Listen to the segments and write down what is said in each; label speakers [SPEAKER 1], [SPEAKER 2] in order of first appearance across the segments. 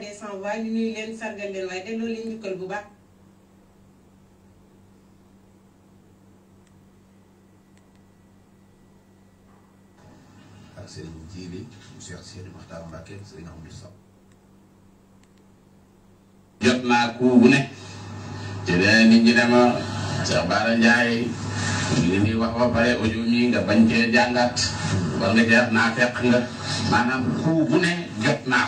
[SPEAKER 1] des sans voix leen sargal leen waaye delloo leen njukkal bu baax. ak sëriñ jot naa ku bu ne. ci beneen nit ñi dama Cheikh Bara Ndiaye li muy wax ba pare audio mi nga bañ cee jàngat war nga jeex naa fekk nga maanaam ku bu ne jot naa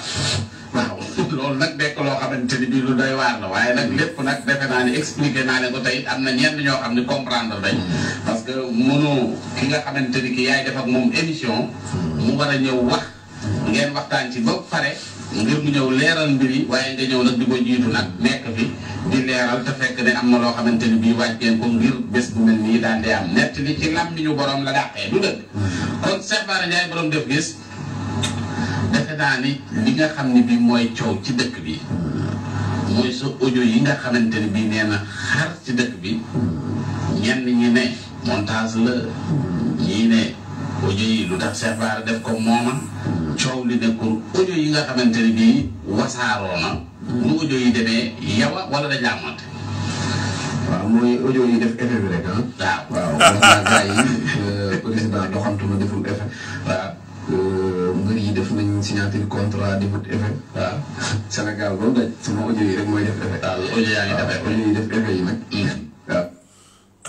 [SPEAKER 1] waaw loolu nag nekk loo xamante ni bii lu doy waar la waaye nag lépp nag defe naa ne expliqué naa ne ko tey am na ñenn ñoo xam ne comprendre dañ parce que mënu ki nga xamante ni ki yaay def ak moom émission mu war a ñëw wax ngeen waxtaan ci ba pare ngir mu ñëw leeral mbir waaye nga ñëw nag di ko jiitu nag nekk fi di leeral te fekk ne am na loo xamante ni bii waaj ngeen ko ngir bés bu mel nii daan di am nett li ci lam ni defe naa ni li nga xam ne bi mooy coow ci dëkk bi mooy sa audio yi nga xamante ne bii nee na xar ci dëkk bi ñenn ñi ne montage la ñii ne audio yi lu tax Cheikh Bara def ko mooma coow li nekkul audio yi nga xamante ne bii wasaaroo na yi demee yawa wala da jàmmante waaw mooy audio yi def effet bi rek ah waaw waaw gars yi euh, président doxantu na deful effet waaw
[SPEAKER 2] euh, yi def mm-hmm.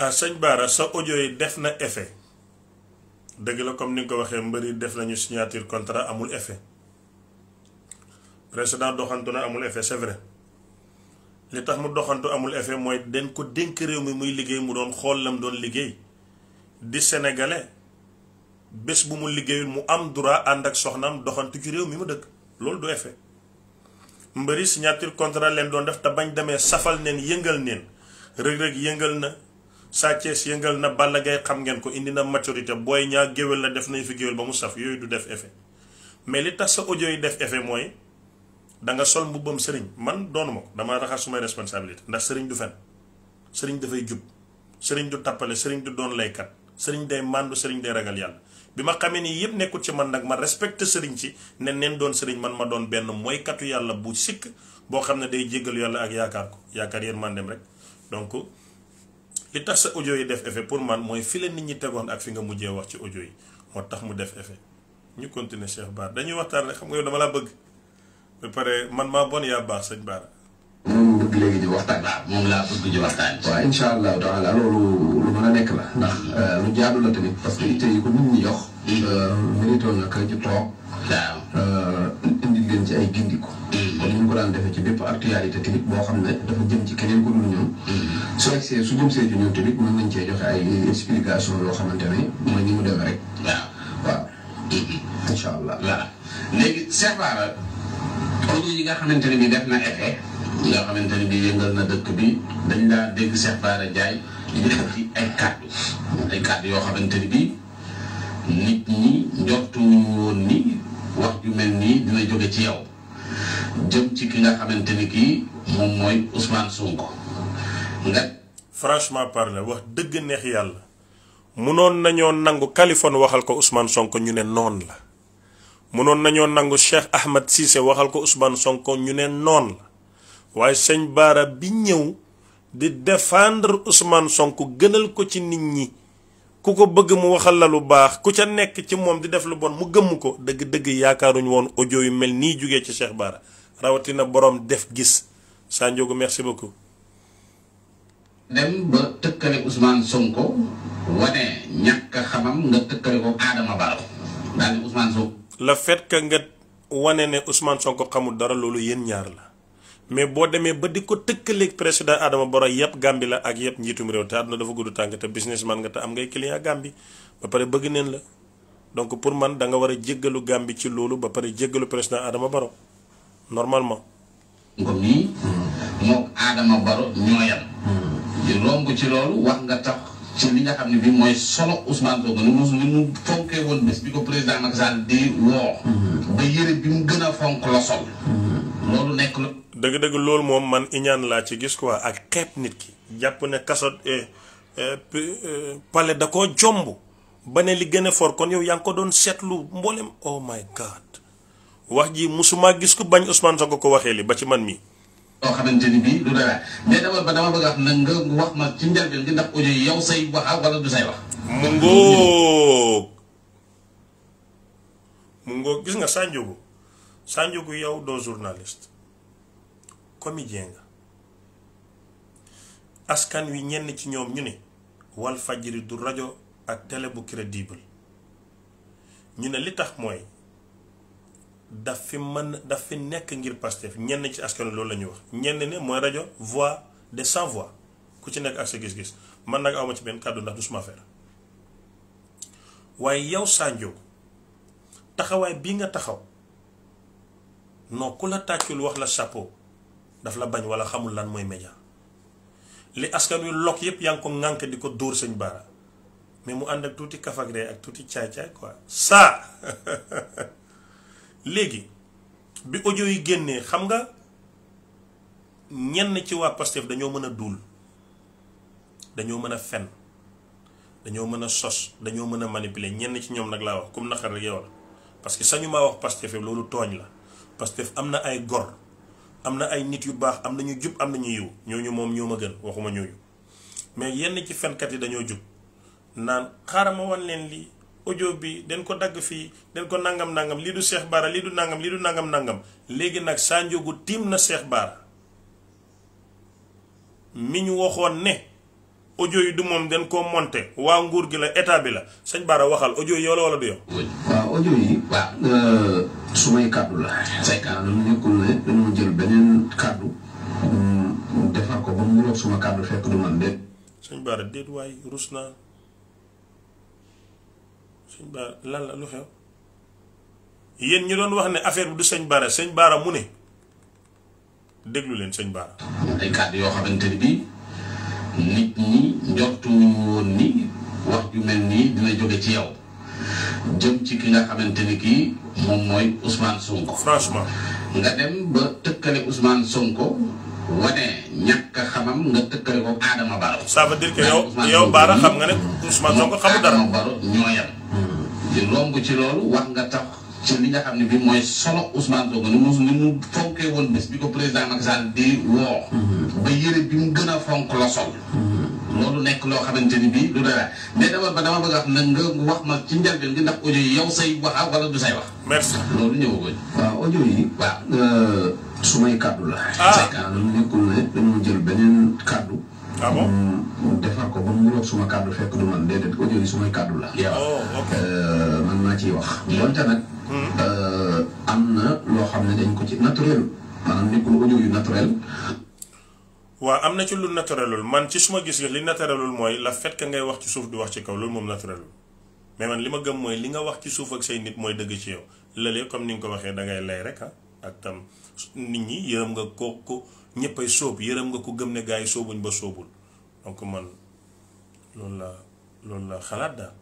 [SPEAKER 2] ah, sëñ Bara sa audio def na effet dëgg la comme ni nga ko waxee mbëri def nañu signature contra amul effet président doxantu na amul effet c'est li tax mu doxantu amul effet mooy den ko dénk réew mi muy liggéey mu doon xool lam doon liggéey di sénégalais. bés bu mu liggéeyul mu am droit ànd ak soxnaam doxantu ci réew mi mu dëkk loolu du effet mbëri signature contrat leen doon def te bañ demee safal neen yëngal neen rëg-rëg yëngal na Sa Thiès yëngal na Balla Gaye xam ngeen ko indi na maturité booy ñaa géwél la def nañ fi géwél ba mu saf yooyu du def effet mais li tax sa audio yi def effet mooy da nga sol mbubbam sëriñ man doonu ma ko damaa raxas sumay responsabilité ndax sëriñ du fen sëriñ dafay jub sëriñ du tàppale sëriñ du doon laykat sëriñ day màndu sëriñ day ragal yàlla bi ma xamee nii yëpp nekkul ci man nag ma respecte sëriñ ci ne neen doon sëriñ man ma doon benn mooykatu yàlla bu sikk boo xam ne day jéggal yàlla ak yaakaar ko yaakaar yéen man dem rek donc li tax sa audio yi def effet pour man mooy fi la nit ñi tegoon ak fi nga mujjee wax ci ojo yi moo tax mu def effet ñu continuer Cheikh Bara dañuy waxtaan rek xam nga yow dama laa bëgg ba pare man maa bon yaa baax sëñ Bara hmm. léegi di waxtaan. moom laa
[SPEAKER 3] bëgg di waxtaan. waaw incha allahu taala loolu lu mën a nekk la. ndax mm-hmm. euh, lu jaadu la tamit parce que itte yi ko nit ñi jox. méritoon mm-hmm. euh, na ñu toog. Euh, indil leen ci ay gindiku. kon mm-hmm. ni ñu ko daan defee ci bépp actualité tamit boo xam ne dafa jëm ci keneen ko dul ñoom. su egsee su jëm see ci ñoom tamit mën nañ cee joxe ay explication yoo xamante ne mooy ni
[SPEAKER 1] mu demee rek. waaw waaw. incha allah. voilà léegi Cheikh yi nga xamante ne bi def na nga xamante ni yëngal na dëkk bi dañ daa dégg Cheikh Bara Ndiaye yëkkati ay kàddu yoo xamante ni bii nit ñi njortuñu woon
[SPEAKER 2] ni wax ju mel nii dina jóge ci yow jëm ci ki nga xamante kii moom mooy usmaan Sonko nga. franchement parlé wax dëgg neex yàlla munoon nañoo nangu Kaliphone waxal ko Ousmane Sonko ñu ne noon la munoon nañoo nangu Cheikh Ahmed Cissé waxal ko Ousmane Sonko ñu ne noon la. waaye sëñ Baara bi ñëw di défendre Ousmane sonk gënal ko ci nit ñi ku ko bëgg mu waxal la lu baax ku ca nekk ci moom di def lu bon mu gëmm ko dëgg-dëgg yaakaaruñu woon ojo yu mel nii jugee ci Cheikh Baara rawatina boroom def gis Sa Ndiogou merci beaucoup.
[SPEAKER 1] dem ba tëkkale Ousmane Sonko wane ñàkk xamam nga tëkkale ko Adama Barrow daal Ousmane Sonko.
[SPEAKER 2] le fait que nga wane ne Ousmane Sonko xamul dara loolu yéen ñaar la. mais boo demee ba di ko tëkkaleeg président Adama Barrow yëpp Gàmbi la ak yëpp njiitum réew te àdduna dafa gudd tànk te nga te am ngay client Gàmbi ba pare bëgg neen la donc pour man da nga war a jéggalu Gàmbi ci loolu ba pare jéggalu président Adama Barrow normalement. ko mii
[SPEAKER 1] moog ci loolu wax nga tax ci li nga xam ne bi mooy solo Ousmane Sonko ni mu ni mu fonkee woon bés bi ko président Macky Sall di woo. Mm-hmm. ba yëre bi mu gën a fonk la sol. Mm-hmm.
[SPEAKER 2] loolu nekk la. dëgg-dëgg loolu moom man iñaan laa ci gis quoi ak xeeb nit ki jàpp ne kaso eh, eh, eh, pale da koo jomb ba ne li gën a for kon yow yaa ngi ko doon seetlu mboolem oh my god wax ji musuma gis ku bañ Ousmane Sonko ko waxee li ba ci man mii.
[SPEAKER 1] loo xamante ni dara ba dama bëgg a xam ne nga wax ma ci njëlbeen gi ndax audio yi yow say wax wala du say wax.
[SPEAKER 2] mu ngoog mu ngoog gis nga Sanjogu. Sandiogou yow doo journaliste comédien nga askan wi ñenn ci ñoom ñu ne wal fajiri du rajo ak tele bu crédible ñu ne li tax mooy daf fi mën daf fi nekk ngir Pastef ñenn ci askan wi loolu la ñuy wax ñenn ne mooy rajo voix de sans voix ku ci nekk ak sa gis-gis man nag awma ci benn kàddu ndax du suma affaire waaye yow Sandiogou taxawaay bii nga taxaw non ku la tàccul wax la chapeau daf la bañ wala xamul lan mooy média li askan wi lokk yëpp yaa ngi ko ŋànk di ko dóor sëñ baara mais mu ànd ak tuuti kafagre ak tuuti caay-caay quoi saa léegi bi audio yi génnee xam nga ñenn ci waa Pastef dañoo mën a duul dañoo mën a fen dañoo mën a sos dañoo mën a manipuler ñenn ci ñoom nag laa wax comme naqar rek yow la que sañu maa wax Pastef loolu tooñ la Pastef am na ay gor am na ay nit yu baax am na ñu jub am na ñu yiw ñooñu moom ñoo ma gën waxuma ñooñu mais yenn ci fenkat yi dañoo jub naan xaaral ma wan leen li audio bi dañ ko dagg fii dañ ko nangam nangam lii du Cheikh Bara lii du nangam lii du nangam nangam léegi nag Sa Ndiogou tiim na Cheikh Bara mi ñu waxoon ne audio yi du moom dañ koo monté waa nguur gi la état bi la sëñ Bara waxal audio yi yow la wala du yow.
[SPEAKER 3] sumay kàddu la say kàddu
[SPEAKER 2] nekkul ne dañoo jël beneen kàddu defar ko ba mu niroog suma kàddu fekk du man de suñ baara déet waay rus naa suñ baara lan la lu xew yéen ñu doon wax ne affaire bi du sëñ baara sëñ baara mu ne déglu leen sëñ baara ay kàddu yoo xamante ni bii
[SPEAKER 1] nit ñi njortuñu woon ni wax ju mel nii dina jóge ci yow jëm ci ki nga xamante ni kii moom mooy Ousmane Sonko. franchement. nga dem ba tëkkale Ousmane Sonko. wane ñàkk a xamam nga tëkkale ko Adama Baro. ça dire que yow Baara xam nga ne Ousmane Sonko xamul dara. Adama ñoo yem. di ci loolu wax nga tax ci li nga xam ne bi mooy solo Ousmane Sonko ni mu ni mu fonkee woon bés bi ko président Macky Sall di woo. Mm-hmm. ba yére bi mu gën a fonk la sol. Mm-hmm. loolu nekk loo xamante ni bii du dara mais dama ba dama bëgg a wax nag nga wax ma ci njëlbeen gi ndax audio yi yow say wax wala du say wax. merci loolu ñëwaguñ.
[SPEAKER 3] waaw audio yi. waaw euh, su may kàddu la. ah say kàddu nekkul ne kàddu. ah bon mm, defar ko ba suma kàddu fekk du man déedéet audio yi sumay kàddu la. waaw oh, euh, man maa ciy wax. donte nag. Hmm. Euh, am na loo xam ne dañ ko ci naturel
[SPEAKER 2] maanaam nekkul audio yu naturel. waaw am na ci lu naturelul man ci su ma gis li naturelul mooy la fait que ngay wax ci suuf di wax ci kaw loolu moom naturelul mais man li ma gëm mooy li nga wax ci suuf ak say nit mooy dëgg ci yow comme ni nga ko waxee da ngay lay rek ah ak tam nit ñi yërëm nga ko ko ñëppay sóob yërëm nga ko gëm ne gars yi sóobuñ ba sóobul donc man loolu la loolu la xalaat daal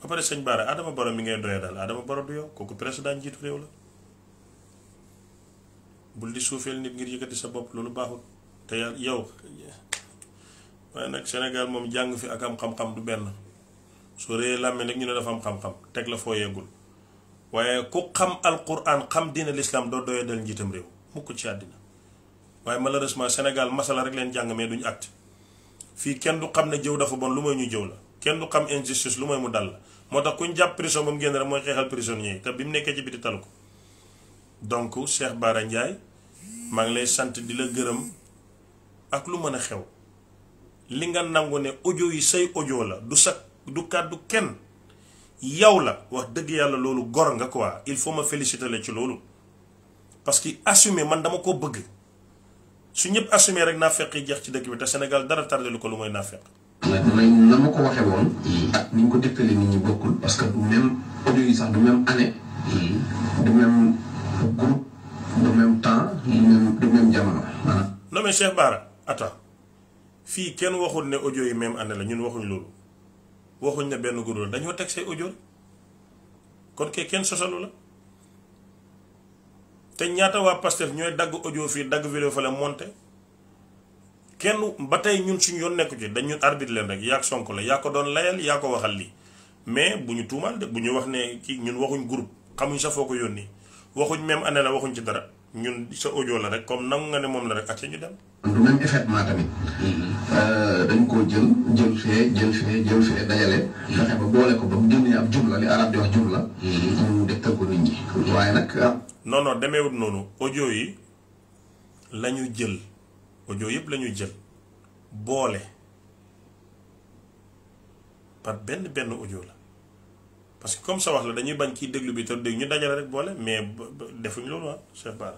[SPEAKER 2] ba pare sëñ Bara Adama Baro mi ngay doyee daal Adama Baro kooku président jiitu réew la bul di suufeel nit ngir yëkkati sa bopp loolu baaxul. te yow waaye nag Sénégal moom jàng fi ak am xam-xam du benn soo réyee làmmee nag ñu ne dafa am xam-xam teg la foo yeggul waaye ku xam alquran xam diine l'islam doo doyee dal njiitam réew mukk ci àddina waaye malheureusement Sénégal masala rek leen jàng mais duñu acte fii kenn du xam ne jëw dafa bon lu mooy ñu jëw la kenn du xam injustice lu mooy mu dal la moo tax ku ñu jàpp prison ba mu génn rek mooy xeexal prisonnier yi te bi mu nekkee ci biti tal ko donc Cheikh Bara maa ngi lay sant di la gërëm ak lu mën a xew li nga nangu ne audio yi say ojo la du sa du kàddu kenn yow la wax dëgg yàlla loolu gor nga quoi il faut ma féliciter la ci loolu parce que assumer man dama ko bëgg su ñëpp assumer rek naa fekk jeex ci dëkk bi te Sénégal dara tardé lu ko lu mooy naa fekk. nag na ma ko waxee woon. ni ñu ko dégtalee nit bokkul parce que du même audio yi sax du même année. du même groupe
[SPEAKER 3] du même temps. du
[SPEAKER 2] même du même jamono. non attends fii kenn waxul ne audio yi même année la ñun waxuñ loolu waxuñ ne benn groupe la dañoo teg say audio kon ke kenn sosalu la te ñaata waa Pastef ñooy dagg audio fii dagg vidéo fa la monté kenn ba tey ñun suñ yoon nekku ci dañu arbitre leen rek yaa sonk la yaa ko doon layal yaa ko waxal li mais bu ñu tuumaal de bu ñu wax ne kii ñun waxuñ groupe xamuñ sa foo ko yónni waxuñ même année la waxuñ ci dara. ñun sa audio la rek comme nangu nga ne moom la rek acca ñu dem. du même effectivement tamit. Euh, dañ koo jël jël fee jël fee jël fee dajale. fexe ba boole ko ba mu génnee ab jumla li arab di wax jumla. mu dégtal ko nit ñi. waaye nag. Ah. non non demeewut noonu audio yi la jël audio yëpp la jël boole par benn benn audio la. parce que comme sa wax la dañuy bañ kiy déglu bi te dégg ñu dajale rek boole mais defuñ loolu ah c'est pas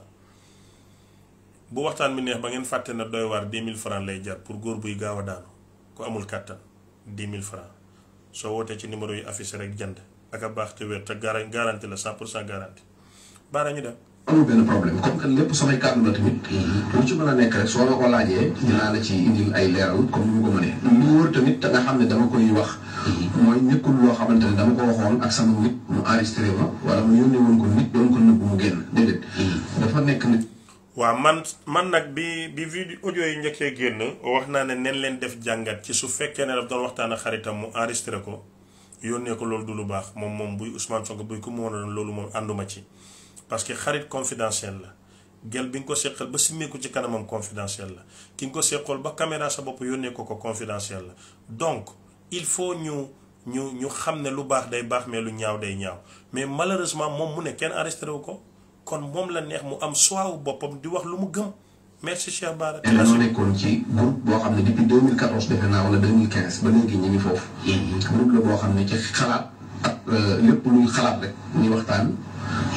[SPEAKER 2] bu waxtaan bi neex ba ngeen fàtte na doy waar 10 000 francs lay jar pour góor buy gaaw a daanu ku amul kàttan 10 mille francs soo wootee ci numéro yu affiché rek jënd ak a baax te wér te garanti la 100 pour cent garanti baara ñu dem. amul benn
[SPEAKER 3] problème comme que lépp samay kàddu la tamit. lu ci mën a nekk rek soo la ko laajee. dinaa la ci indil ay leeral comme mooy nekkul loo xamante ne dama ko waxoon ak sama nit mu enregistré ma wala mu yónnee woon ko nit doon ko nëbbu mu génn mm-hmm. dafa nekk nit.
[SPEAKER 2] waaw man man nag bi bi vidéo audio yi njëkkee génn wax naa ne nen leen def jàngat ci su fekkee ne daf doon waxtaan ak xaritam mu enregistré ko yónnee ko loolu du lu baax moom moom buy Ousmane Sonko buy ku mu woon loolu moom ànduma ci parce que xarit confidentiel la. gel bi nga ko seqal ba simmeeku ci kanamam confidentiel la ki nga ko seqal ba caméra sa bopp yónnee ko ko confidentiel la donc. il faut ñu ñu ñu xam ne lu baax day baax mais lu ñaaw day ñaaw mais malheureusement moom mu ne kenn arrêté wu ko kon moom la neex mu am soiwu boppam di wax lu mu gëm merci Cheikh Bara. te dañoo nekkoon ci groupe boo xam ne depuis
[SPEAKER 3] 2014 defe naa wala 2015 ba ñu foofu. la boo xam ne ci xalaat ak euh, lépp luy xalaat rek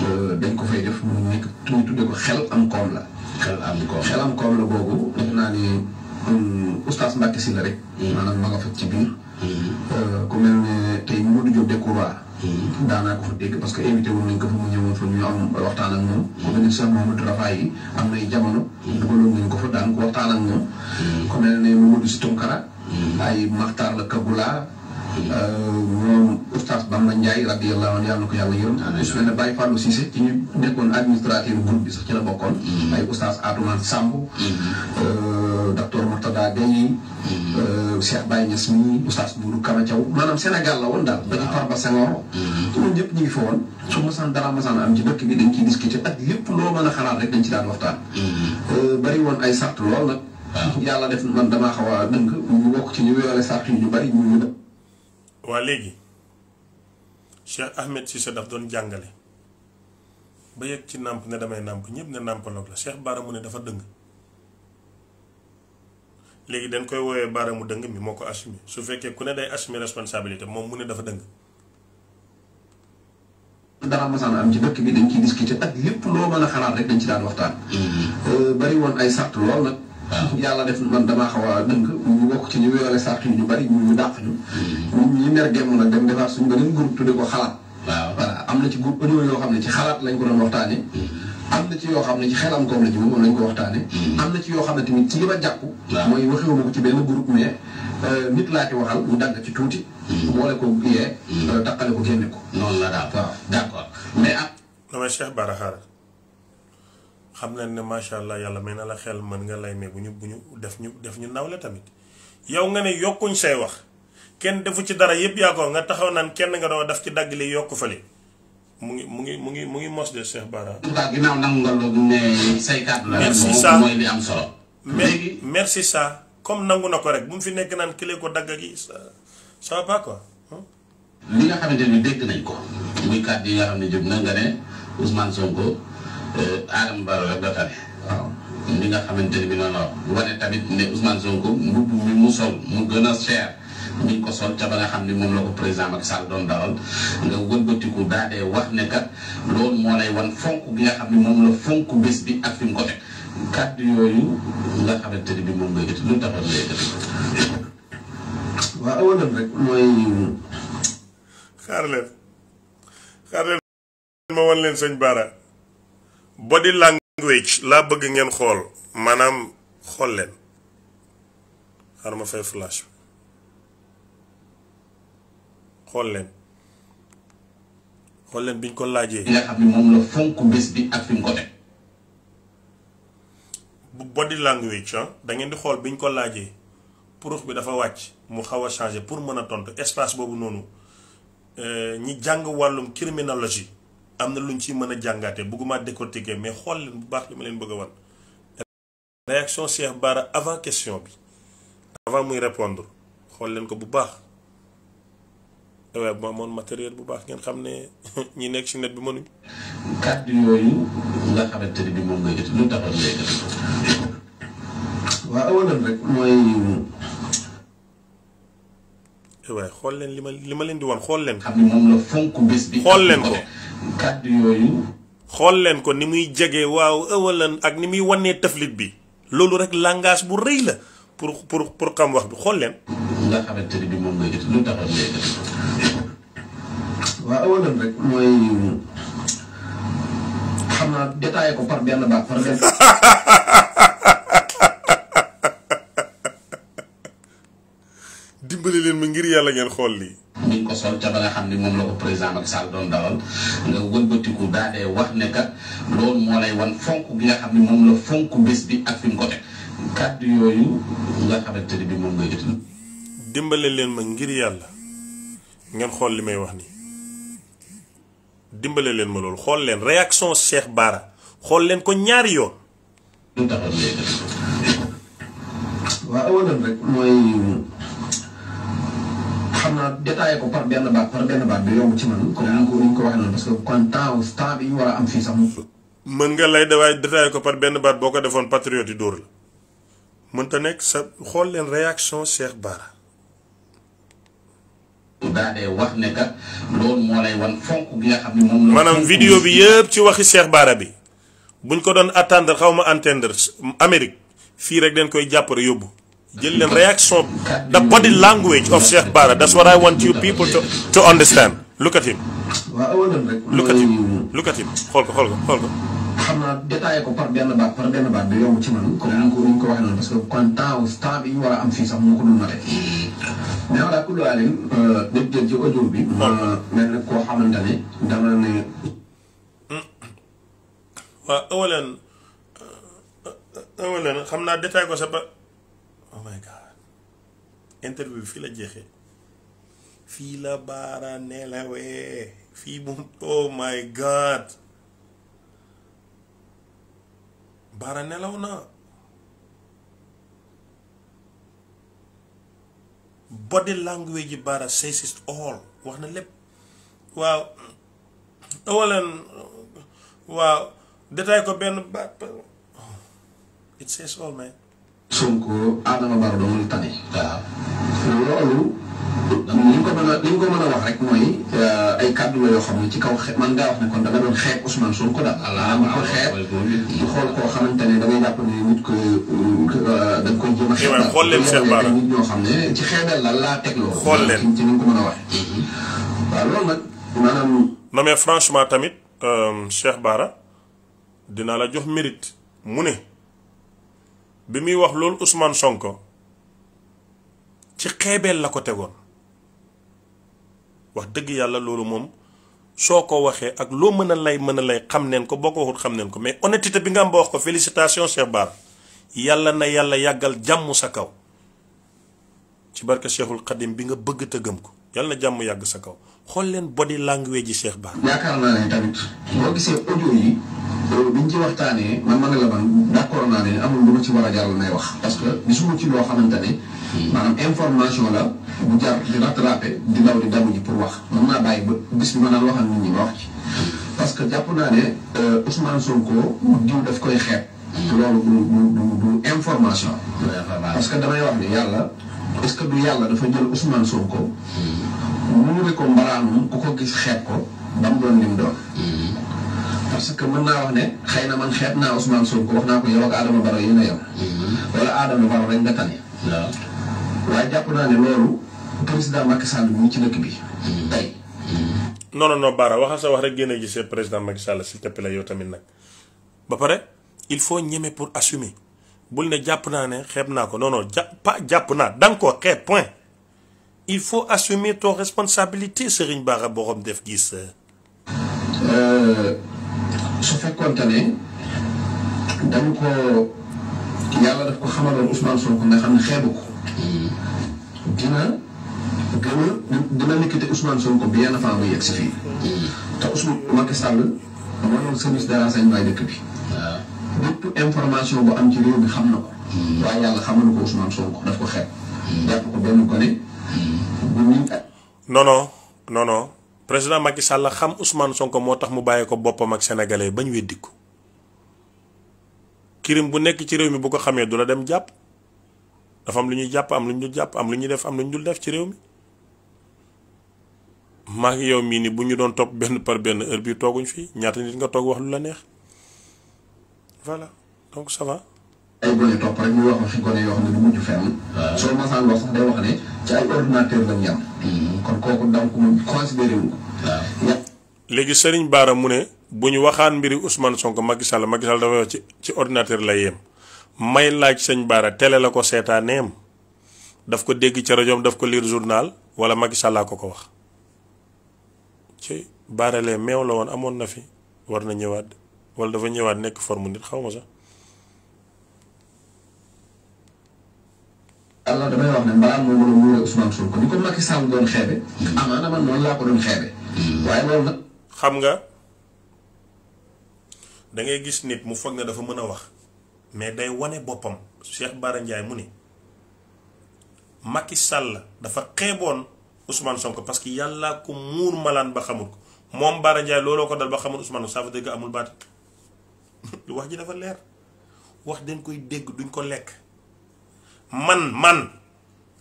[SPEAKER 3] euh, dañ ko fay def mu nekk ñu tuddee ko xel am koom la. xel am koom xel am koom la boobu defe naa ni um, oustaz Mbacke la rek. Hmm. maanaam ma nga fa ci biir. Euh, ku mel ne tey Modou Diop Decroix. Mm-hmm. daanaa ko fa dégg parce que invité woon nañ ko fa mu ñëwoon fa ñu am waxtaan ak moom. Mm-hmm. ku mel ne Cheikh Mamadou Rafaay yi am nay jamono. Mm-hmm. dugaloon nañ ko fa daan ko waxtaan ak moom. ku mel ne Mamadou Sy Tunkara. ay Makhtar la Kagula. Euh, oustaz Bamba Ndiaye radiyallahu anhu yàlla na ko yàlla yërëm su mel ne Baye Fallou Cissé ci ñu nekkoon administrateur groupe bi sax ci la bokkoon ay oustaz Atoumane Samb euh, docteur Murtada Gaye euh, Cheikh Baye Niass maanaam Sénégal la woon daal ba ci Farba Senghor ñoom ñëpp ñu fa woon su masaan dara masaan am ci dëkk bi dañ ciy discuter ak lépp loo mën a xalaat rek dañ ci daan waxtaan bari woon ay sart lool nag yàlla def man damaa xaw a dënk ñu bokk ci ñu weerale sart yu bari
[SPEAKER 2] waa léegi Cheikh Ahmed Cissé daf doon jàngale ba yegg ci nàmp ne damay nàmp ñëpp ne nàmpaloog la Cheikh Baara mu ne dafa dëng léegi dañ koy woowee Baara mu dëng mi moo ko assumé su fekkee ku ne day assumé responsabilité moom mu ne dafa dëng.
[SPEAKER 3] dara masaan am ci dëkk bi dañ ciy discuter ak lépp loo mën a xalaat rek dañ ci daan waxtaan. Mm-hmm. Euh, bari ay sart lool nag. yàlla def man damaa xaw a dëng ñu bokk ci ñu weerale sart yu ñu bari ñu dàq ñu. Mm-hmm. ñun ñi mer gem nag dem defaat suñu beneen groupe tudde ko xalaat. am na ci groupe audio yoo xam ne ci xalaat lañ ko doon waxtaanee. Mm-hmm. am na ci yoo xam ne ci xelam koom la ko waxtaanee. Mm-hmm. am na ci yoo xam ne ci li ma jàpp. ci benn groupe mais euh, nit laa ci waxal mu dagg ci tuuti. boole ko yee. Euh, taqale ko génne ko.
[SPEAKER 2] noonu la daal waaw d' accord mais ah. xam nañ ne macha allah yàlla may na la xel mën nga lay bu ñu bu ñu def ñu def ñu nawle tamit yow nga ne yokkuñ say wax kenn defu ci dara yëpp yaa nga taxaw naan kenn nga doon daf ci dagg li yokk mu ngi mu ngi mu ngi mu ngi mos de Cheikh Bara. ginnaaw nangu nga ne merci ça comme nangu na ko rek bu mu fi nekk naan këlee ko dagg gi ça ça va quoi. li nga xamante ni dégg nañ ko muy kàddu yi nga xam ne jëm na nga ne Ousmane Sonko. Euh, Adama
[SPEAKER 1] Barrow rek waaw li nga xamante ne bi noonu la wane tamit ne Ousmane Sonko mbubb mi mu sol mu gën a cher. ñu ko sol ca ba nga xam ne moom la ko président Macky Sall doon dalal nga wëlbatiku daa dee wax ne kat loolu moo lay wan fonk bi nga xam ne moom la fonk bés bi ak fi ko teg kàddu yooyu nga xamante ne bi moom nga yëkkati lu taxoon nga yëkkati. waaw awoon rek mooy.
[SPEAKER 2] xaar leen xaar leen ma wan leen sëñ Bara. body language laa bëgg ngeen xool maanaam xool leen xar fay flash xool leen xool biñ ko laajee. li nga xam
[SPEAKER 1] ne moom la
[SPEAKER 2] bi body language ah da ngeen di xool bi biñ ko laajee purux bi dafa wàcc mu xaw a changé pour mën a tontu espace boobu noonu eh, ñi jàng wàllum criminologie. am na lu luñ ci mën a jàngaate bëgguma décortiquer mais xool leen bu baax li ma leen bëgg a wan réaction Cheikh Bara avant question bi avant muy répondre xool leen ko bu baax waaye boo ma amoon matériel bu baax ngeen xam ne ñi nekk ci net bi mënuñ kàddu yooyu nga xamante ne bi moom nga gis lu taxoon ngay def waaye xool leen li ma li ma leen di woon xool leen. xam ne moom la bi. xool leen ko leen ko ni muy jege waaw ëwalan ak ni muy wanee taflit bi loolu rek langage bu rëy la pour pour pour xam wax bi xool leen. nga leen ma ngir yàlla xool lii. ñu ko sol ca ba la ko
[SPEAKER 1] président Macky Sall doon dawal nga wëlbatiku daa dee wax ne kat loolu moo wan fonk
[SPEAKER 2] gi nga bi ak fi mu ko bi moom dimbale leen ma ngir yàlla ngeen xool li may wax nii dimbale leen ma loolu xool leen réaction Cheikh Bara xool leen ko ñaari yoon.
[SPEAKER 3] xam ko par benn baat par benn baat bi man.
[SPEAKER 2] mën nga lay dawaay détaillé ko par benn baat boo ko defoon patriote yi dóor la mënta nekk sa xool leen réaction Cheikh Bara. daadee wax ne kat
[SPEAKER 1] maanaam vidéo bi yëpp
[SPEAKER 2] ci waxi Cheikh Bara bi buñ ko doon attendre xaw ma entendre Amérique fii rek dañ koy jàppare yóbbu. jël leen réaction the body language of Cheikh Bara that's what I want you people to understand look at him. look at him
[SPEAKER 3] xam naa détaillé ko da yomb ci man comme ni ko ni ko waxee noonu parce que kon temps temps bi ñu war a am fii sax moo ko
[SPEAKER 2] euh, sa ba. oh my god interview fii la jeexee fii la baara nelawee fii moom oh my god baara nelaw na body language yi baara says it all wax na lépp waaw awalan waaw détail ko benn baat it says all man Sonko Adama Barrow doo mën tane waaw loolu li
[SPEAKER 3] ñu ko mën a wax rek mooy eh, ay kàddu yoo xam ne ci kaw xe man ngaa wax ne kon da doon xeeb Ousmane Sonko ko xeeb di koo xamante ne da eh, ko xool leen seen ne ci laa teg loolu. xool leen ci ni
[SPEAKER 2] mhm. tamit euh, Cheikh Bara dinaa la jox mérite mu ne. bi muy wax loolu Ousmane ko ci xeebeel la ko tegoon wax dëgg yàlla loolu moom soo ko waxee ak loo mën a lay mën a lay xam neen ko boo ko waxut xam neen ko mais honnêteté bi nga am ba wax ko félicitation Cheikh Bara yàlla na yàlla yàggal jàmm sa kaw ci barke Cheikhul Khadim bi nga bëgg te ko yàlla na jàmm yàgg sa kaw xool leen body language yi Cheikh Bara. yaakaar loolu bi ñu ci waxtaanee man ma ne la man d' naa ne amul lu ma ci war a jàll may wax. parce que gisuma ci loo xamante ne. Hmm. maanaam information la bu jar di
[SPEAKER 3] rattrapé di daw di damu pour wax. mën naa bàyyi ba bis bi ma naan waxal parce que jàpp naa ne euh, Ousmane daf koy xeeb. Hmm. loolu du du information. parce que damay wax ne yàlla est ce que du yàlla dafa jël Ousmane Sonko. Hmm. mu ngi ko mbaraanum ku ko gis xeeb ko ba doon lim doon. parce que mën naa wax ne xëy na man xeet naa Ousmane Sonko wax naa ko yow ak Adama yi na yow. wala Adama Baro rek nga tane.
[SPEAKER 2] waaye jàpp naa ne loolu président Macky Sall mu ci dëkk bi. Mhm. tey. Mhm. non waxa wax rek génne président Macky Sall s'il te plaît nag. ba pare il faut ñeme pour assumer bul ne jàpp naa ne xeeb naa ko non jàpp naa da nga point. il faut assumer ton responsabilité Serigne Bara Borom Def Guiss. Euh, su fekkoonte ne dañu ko
[SPEAKER 3] yàlla daf ko xamaloon Ousmane Sonko nga xam ne xeebu ko dina gën a dina likkite bi Sonko bien avant muy yegg si fii te Ousmane Macky Sall moo doon service de renseignement dëkk bi bépp information bu am ci réew mi xam na ko
[SPEAKER 2] hmm. waaye yàlla xamal ko Ousmane Sonko daf ko xeeb hmm. jàpp ko benn gone hmm. bu ñu non président Macky Sall xam Ousmane sonk moo tax mu bàyyi ko boppam ak sénégalais ba ñu weddi ko kirim bu nekk ci réew mi bu ko xamee du la dem jàpp dafa lu ñuy jàpp am lu ñu jàpp am lu ñuy def am lu ñu dul def ci réew mi maa ngi yow mii ni bu ñu doon topp benn par benn heure bii tooguñ fii ñaata nit nga toog wax lu la neex voilà donc ça Hmm. léegi Serigne baara mu ne bu ñu waxaan mbiri Ousmane Sonko Macky Sall Macky Sall dafay wax ci ci ordinateur la yem may laaj sëñ baara télé la ko seetaaneem daf ko dégg ci rajoom daf ko liir journal wala Macky laa ko ko wax ci Bara meew la woon amoon na fi war na ñëwaat wala dafa ñëwaat nekk forme nit xaw ma sax.
[SPEAKER 3] alors damay wax
[SPEAKER 2] a muur man xam nga da ngay gis nit mu foog ne dafa mën a wax mais day wane boppam Cheikh Bara Ndiaye mu ni Macky Sall dafa xeeboon Ousmane Sonko parce que yàllaa ko malaan ba xamul ko moom Bara Ndiaye looloo ko dal ba xamul Ousmane ça veut dire que amul baat wax ji dafa leer wax dañ koy dégg duñ ko lekk man man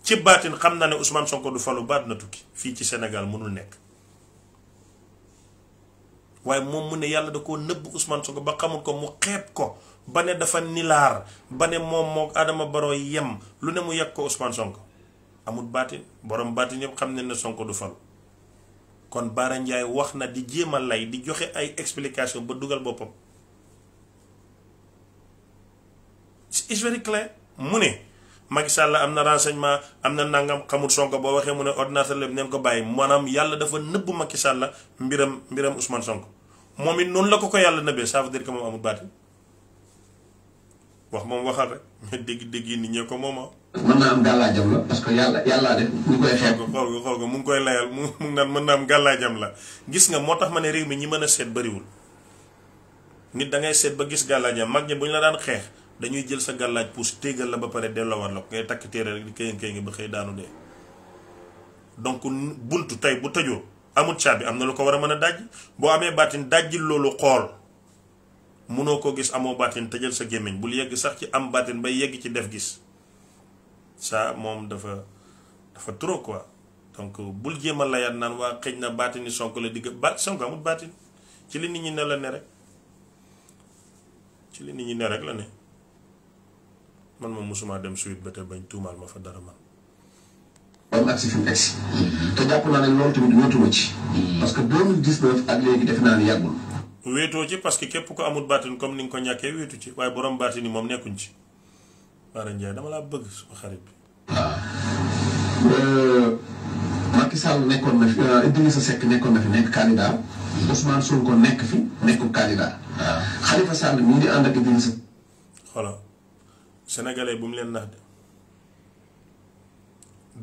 [SPEAKER 2] ci baatin xam naa ne Ousmane Sonko du falu baat na tukki fii ci Sénégal mënul nekk waaye moom mu ne yàlla da koo nëbb Ousmane Sonko ba xamul ko mu xeeb ko ba ne dafa nilaar ba ne moom moo Adama Barrow yem lu ne mu yàgg ko Ousmane Sonko amul baatin borom baatin yëpp xam ne ne Sonko du falu kon Bara Ndiaye wax na di jéem a lay di joxe ay explication ba dugal boppam it's very clear mu ne Macky Sall am na renseignement am na nangam xamul Sonko boo waxee mu ne ordinateur neen ko bàyyi maanaam yàlla dafa nëbb Macky Sall mbiram mbiram Ousmane Sonko moom it noonu la ko ko yàlla nëbbee ça veut dire que moom amul baatin wax waxal dégg-dégg yi ko moom ah. mën mu ngi koy layal mu mu naan mën naa am gàllaajam la gis nga moo ma ne réew mi ñi mën a seet bariwul nit da ngay seet ba gis gàllaajam mag ñi bu ñu la daan xeex dañuy jël sa gàllaaj puus téegal la ba pare delloowaat la ko ngay takk téere rek di këyën këyën ba xëy daanu dee donc buntu tey bu tëjoo amut bi am na lu ko war a mën a dajj boo amee baatin dajjil loolu xool munoo ko gis amoo baatin tëjal sa gémmiñ bul yegg sax ci am baatin bay yegg ci def gis ça moom dafa dafa trop quoi donc bul jéem la layaat naan waa xëy na baatin ni sonk la digg ba sonk amut baatin ci li nit ñi ne la ne rek ci li nit ñi ne rek la man moom mosuma dem suite ba te bañ tuumaal ma fa dara man.
[SPEAKER 3] am ak si fi mu des. te jàpp naa ne loolu tamit wéetuma ci. parce que
[SPEAKER 2] 2019 ak léegi def naa ni yàggul. wéetoo ci képp ko amul baatin comme ni nga ko ñàkkee wéetu ci waaye borom baatin ni moom nekkuñ ci. Baara Ndiaye dama laa bëgg suma xarit bi. waaw.
[SPEAKER 3] Euh, Macky Sall nekkoon na fi euh, Idrissa Seck nekkoon na fi nekk
[SPEAKER 2] candidat. Ousmane Sonko nekk fi nekku candidat. waaw Khalifa Sall mii di ànd ak Idrissa. voilà. sénégalais bu mu leen nax de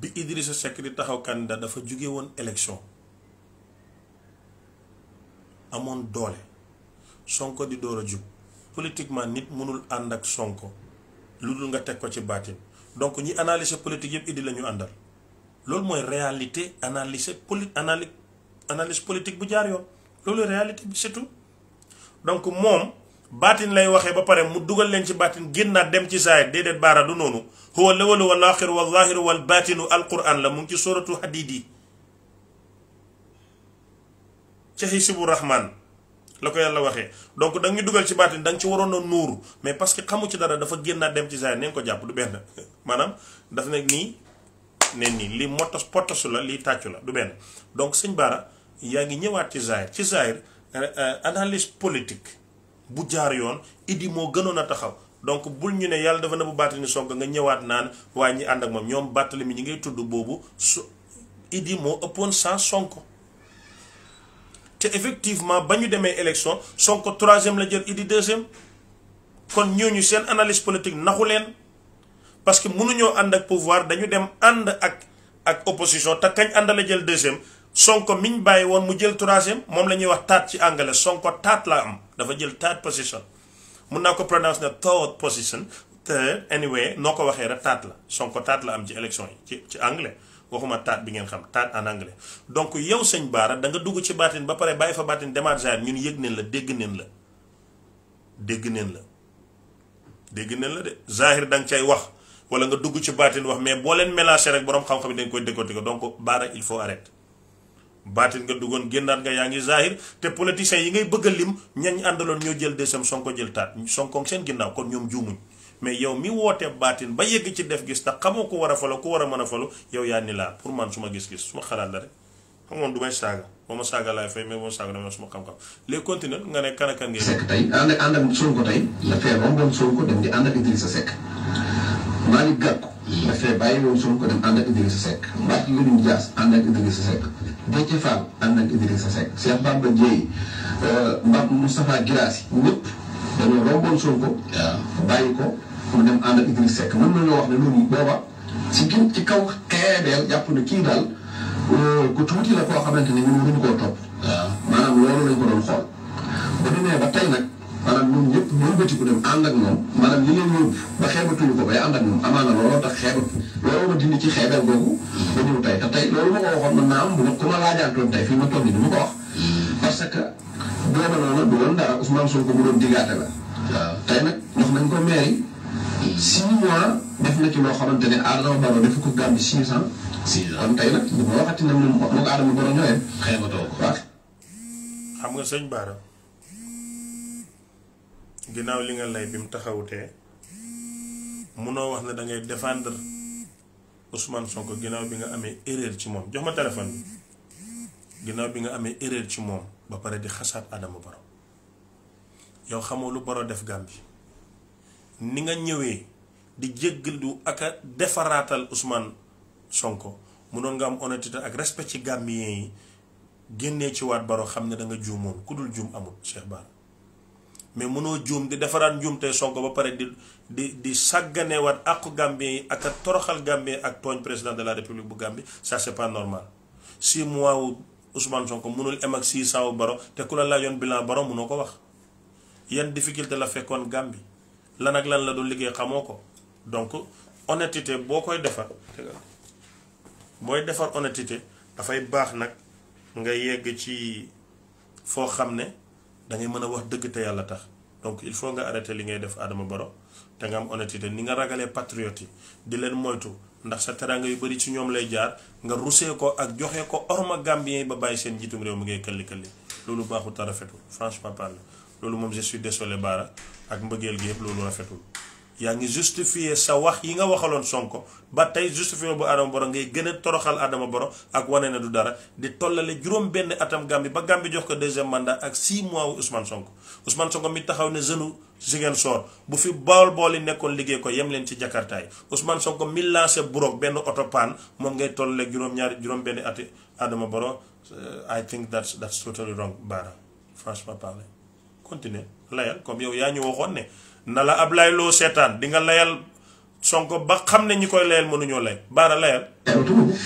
[SPEAKER 2] bi Idrissa Seck di taxaw candidat dafa jóge woon élection amoon doole sonko di door a jub politiquement nit mënul ànd ak sonko lu nga teg ko ci baatin donc ñi analyser politique yëpp Idi la ñu àndal loolu mooy réalité analyser poli analyse analyse politique bu jaar yoon loolu réalité bi surtout donc moom. baatin lay waxee ba pare mu dugal leen ci baatin génn naa dem ci saayir déedéet baara du noonu huwa lawalu wal aaxiru wal zaahiru wal baatinu alquran la mu ngi ci suratu hadid yi ca xisibu rahman la ko yàlla waxee donc da nga ñu dugal ci baatin da nga ci waroon a nuuru mais parce que xamu ci dara dafa génnaat dem ci saayir ne ko jàpp du benn maanaam daf nekk nii ne nii lii motos potosu la lii tàccu la du benn donc sëñ baara yaa ngi ñëwaat ci saayir ci saayir euh, euh, analyse bu jaar yoon idi moo gënoon a taxaw donc bul ñu ne yàlla dafa na bu Barthélémy Sonko nga ñëwaat naan waa ñi ànd ak moom ñoom mi ñi ngay tudd boobu su idi moo ëppoon sans Sonko te effectivement ba ñu demee élection Sonko troisième la jël idi deuxième kon ñu seen analyse politique naxu leen parce que mënuñoo ànd ak pouvoir dañu dem ànd ak ak opposition te kañ ànd la jël deuxième Sonko miñ bàyyi woon mu jël troisième moom la ñuy wax taat ci anglais Sonko taat la am dafa jël third position mun naa ko pronounce na third position third anyway noo ko waxee rek taat la Sonko taat la am ci élection yi ci ci anglais waxuma taat bi ngeen xam taat en anglais donc yow sëñ Baara da nga dugg ci baatin ba pare bàyyi fa baatin demaat jaar ñun yëg neen la dégg neen la dégg neen la dégg neen la de zahir da nga cay wax wala nga dugg ci baatin wax mais boo leen mélangé rek borom xam-xam yi dañ koy décortiquer donc Baara il faut arrêter baatin nga duggoon génnaat nga yaa ngi zahir te politiciens yi ngay bëgg a lim ñañ àndaloon ñoo jël desam sonko jël taat sonkoog seen ginnaaw kon ñoom juumuñ mais yow mi woote baatin ba yegg ci def gis tax xamoo ku war a falo ku war a man a falo yow yaa ni laa pour man suma gis-gis su ma xalaat la rek xam moom saaga ba ma saaga laay fay mais ba ma saaga dama suma xam-xam léegi continué nga ne kan ak kan
[SPEAKER 3] tey ànd ànd ak Sonko tey la fee romboon Malick Gakou. dafay bàyyi woon Sonko dem ànd ak Idrissa Seck. Mbacke Yolin Dias ànd ak Idrissa Seck. Déthié Fall ànd ak Idrissa Seck. Cheikh Bamba Dièye euh, Mbacke Moustapha Guirassy ñëpp dañoo romboon Sonko. waaw bàyyi ko mu dem ànd ak Idrissa Seck mën nañoo wax ne loolu booba ci ci kaw xeebeel jàpp ne kii daal euh, ku tuuti la koo xamante ne ñun mënuñu koo topp. waaw lañ ko doon xool bu demee ba tey nag. maanaam ñoom ñëpp ñoom bëti ku dem ànd ak moom maanaam li leen yóbbu ba xeebatuñu ko bay ànd ak moom amaana looloo tax xeebat loolu ma dindi ci xeebel boobu ba ñëw tey te tey loolu ko waxoon mën naa am bu ma ko wax parce que booba noonu du doon dara Ousmane doon digaate la waaw tey nag jox nañ ko mairie def na loo xamante ne Adama Baro def ko gàmbi
[SPEAKER 2] six ans six ans tey nag bu ma waxati ne moom moo xam nga sëñ Bara ginnaaw li nga lay bi mu taxawutee munoo wax ne da ngay défendre Ousmane Sonko ginnaaw bi nga amee erreur ci moom jox ma téléphone bi ginnaaw bi nga amee erreur ci moom ba pare di xasaat Adama Baro yow xamoo lu Baro def Gàmbi ni nga ñëwee di jéggal du ak a defaraatal Ousmane Sonko munoon nga am honnêteté ak respect ci Gambien yi génnee ci waat Baro xam ne danga nga juumoon ku dul juum amul Cheikh Bara mais mënoo juum di defaraat njuumte Sonko ba pare di di di sàgganewaat àqu Gambie yi ak a toroxal Gambie ak tooñ président de la république bu Gambie ça c'est pas normal six mois wu Ousmane Sonko mënul em ak six cent Baro te ku la laajoon bilan Baro mënoo ko wax yan difficulté la fekkoon Gambie lan ak lan la doon liggéey xamoo ko donc honnêteté boo koy defar booy defar honnêteté dafay baax nag nga yegg ci foo xam ne. da ngay mën a wax dëgg te yàlla tax donc il faut nga arrêté li ngay def Adama boro te nga am honnêteté ni nga ragalee patriote yi di leen moytu ndax sa teraanga yu bëri ci ñoom lay jaar nga rusee ko ak joxe ko orma Gambien ba bàyyi seen njiitum réew mi ngay këlli këlli loolu baaxul te rafetul franchement parle loolu moom je suis désolé baara ak mbëggeel gi yëpp loolu rafetul. yaa ngi justifier sa wax yi nga waxaloon Sonko ba tey justifier bu Adama Boro ngay gën a toroxal Adama Boro ak wane na du dara di tollale juróom benn atam Gàmbi ba Gàmbi jox ko deuxième mandat ak 6 mois wu Ousmane Sonko Ousmane Sonko mi taxaw ne jeune Ziguinchor bu fi bool bool nekkoon liggéey ko yem leen ci jakartaay Ousmane Sonko mi lancé buroog benn oto paan moom ngay tollale juróom-ñaari juróom benn ati Adama Boro I think that's that's totally wrong Bara franchement parler continuer layal yow yaa ñu ne na la Ablaye Lo seetaan di nga layal Sonko ba xam ne ñi koy layal mënuñoo lay baara layal.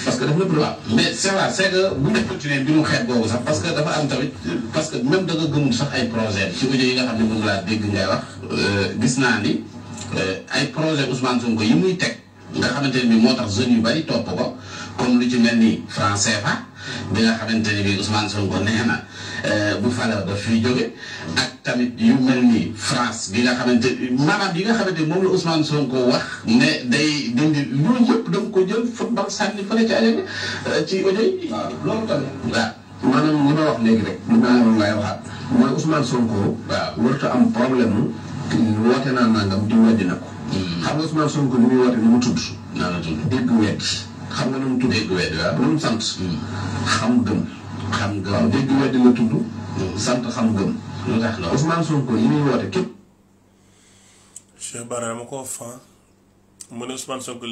[SPEAKER 1] parce que daf la droit mais c'est vrai c'est que bu ñu continuer mbirum boobu sax parce que dafa am tamit parce que même da nga gëmul sax ay projet ci audio yi nga xam ne moom laa dégg ngay wax euh, gis naa ni euh, ay projet Ousmane Sonko yi muy teg nga xamante ne bi moo tax jeunes yu bari topp ko comme lu ci mel ni franc CFA bi nga xamante ne bi Ousmane Sonko nee na. Euh, bu fala daf fiy jóge ak tamit yu mel ni France bi nga xamante maanaam yi nga xamante moom la Ousmane Sonko wax ne day dindi loolu yëpp da nga ko jël football sànni fële ci ajo euh, ci audio yi loolu tamit waaw maanaam li ma wax léegi rek lu ma lay waxaat mooy Ousmane Sonko
[SPEAKER 3] waaw warta am problème mu woote naa nangam di weddi na ko hmm. xam nga Ousmane Sonko li muy woote ni mu tudd naa la tudd dégg wedd xam nga nu mu tudd dégg wedd waaw nu mu sant hmm. xam gëm xam nga waaw dégg weddi la
[SPEAKER 2] tudd. Mm. xam gëm.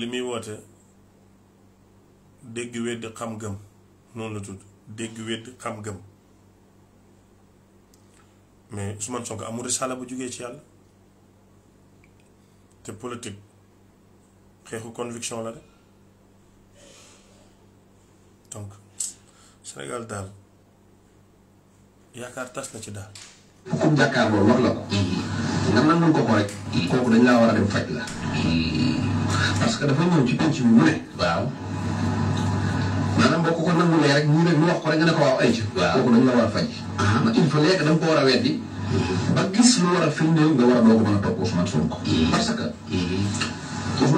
[SPEAKER 2] li muy woote dégg weddi xam noonu la tudd dégg weddi xam gëm mais Ousmane Sonko amul risaala bu jugee ci yàlla te politique xeexu conviction la de Sénégal daal yaakaar tas na ci daal. ku jàkkaarloo wax la ko. nga nangul ko ko rek. kooku dañ laa war a dem faj la. parce que dafa ñëw ci penc mu ko
[SPEAKER 3] a faj. ma ko war a weddi. a firndeel a doo ko a mm-hmm.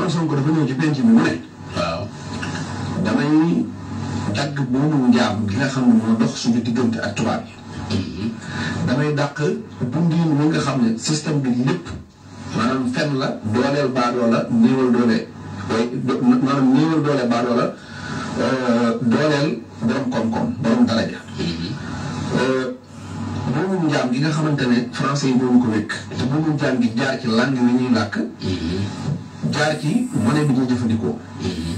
[SPEAKER 3] mm-hmm. mu ne. waaw damay. dagg boobu njaam gi nga xam ne moo dox suñu diggante ak tubaab
[SPEAKER 2] yi nga xam ne système bi lépp maanaam fen la dooleel la néewal doole waaye maanaam
[SPEAKER 3] la euh, dooleel borom koom-koom borom euh, xamante ne français yi ñoo ko wékk te boobu njaam gi jaar ci langue yi ñuy làkk mm-hmm. jaar ci monnaie bi ñuy jëfandikoo mm-hmm.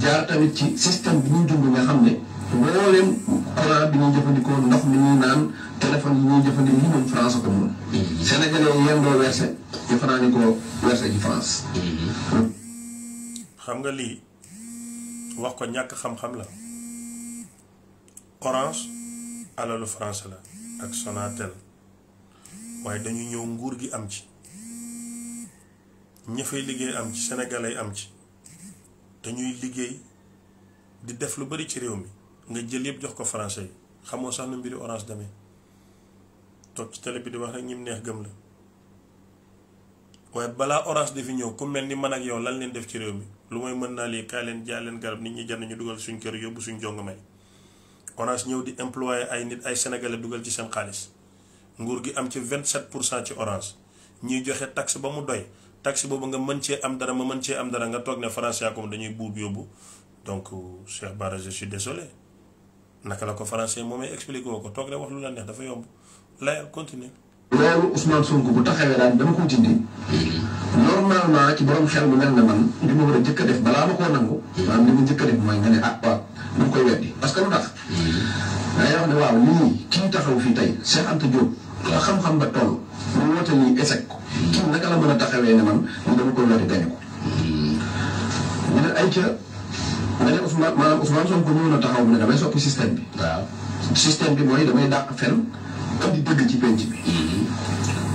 [SPEAKER 3] jaar tamit ci système bi ñuy dund nga xam ne mbooleem courant bi ñuy jëfandikoo ndox mi ñuy naan téléphone yi ñuy jëfandikoo France ko moom.
[SPEAKER 2] Mm-hmm. Sénégalais doo verser defe naa ni ci France. Mm-hmm. xam nga lii wax ko ñàkk xam-xam la orange alalu France la ak Sonatel waaye dañuy ñëw nguur gi am ci ña liggéey am ci sénégalais am ci. dañuy liggéey di def lu bari ci réew mi nga jël yëpp jox ko français yi xamoo sax na mbiri orange demee toog ci télé di wax rek ñim neex gëm la waaye balaa orange dafi ñëw ku mel ni man ak yow lan leen def ci réew mi lu mooy mën naa lii kaay leen jaay leen garab nit ñi jar ñu dugal suñ kër yóbbu suñ jong may orange ñëw di employé ay nit ay sénégalais dugal ci seen xaalis nguur gi am ci vingt 27 pour cent ci orange ñuy joxe tax ba mu doy taxe boobu nga mën cee am dara ma mën cee am dara nga toog ne France yaa ko dañuy buub yóbbu donc euh, Cheikh Bara je suis désolé naka la ko français moom ay expliqué ko toog rek wax lu la neex dafa yomb la continuer
[SPEAKER 3] loolu Ousmane bu taxawee daan dama ko dindi normalement ci borom xel bu mel ne man li ma war a njëkk a def balaa ma koo nangu maanaam li ma njëkk a def mooy nga ne ah waaw du koy weddi parce que lu tax mm-hmm. dangay wax ne waaw lii kii taxaw fii tey Cheikh Anta Diop xam-xam ba toll lay ne man ñu dama koy hmm.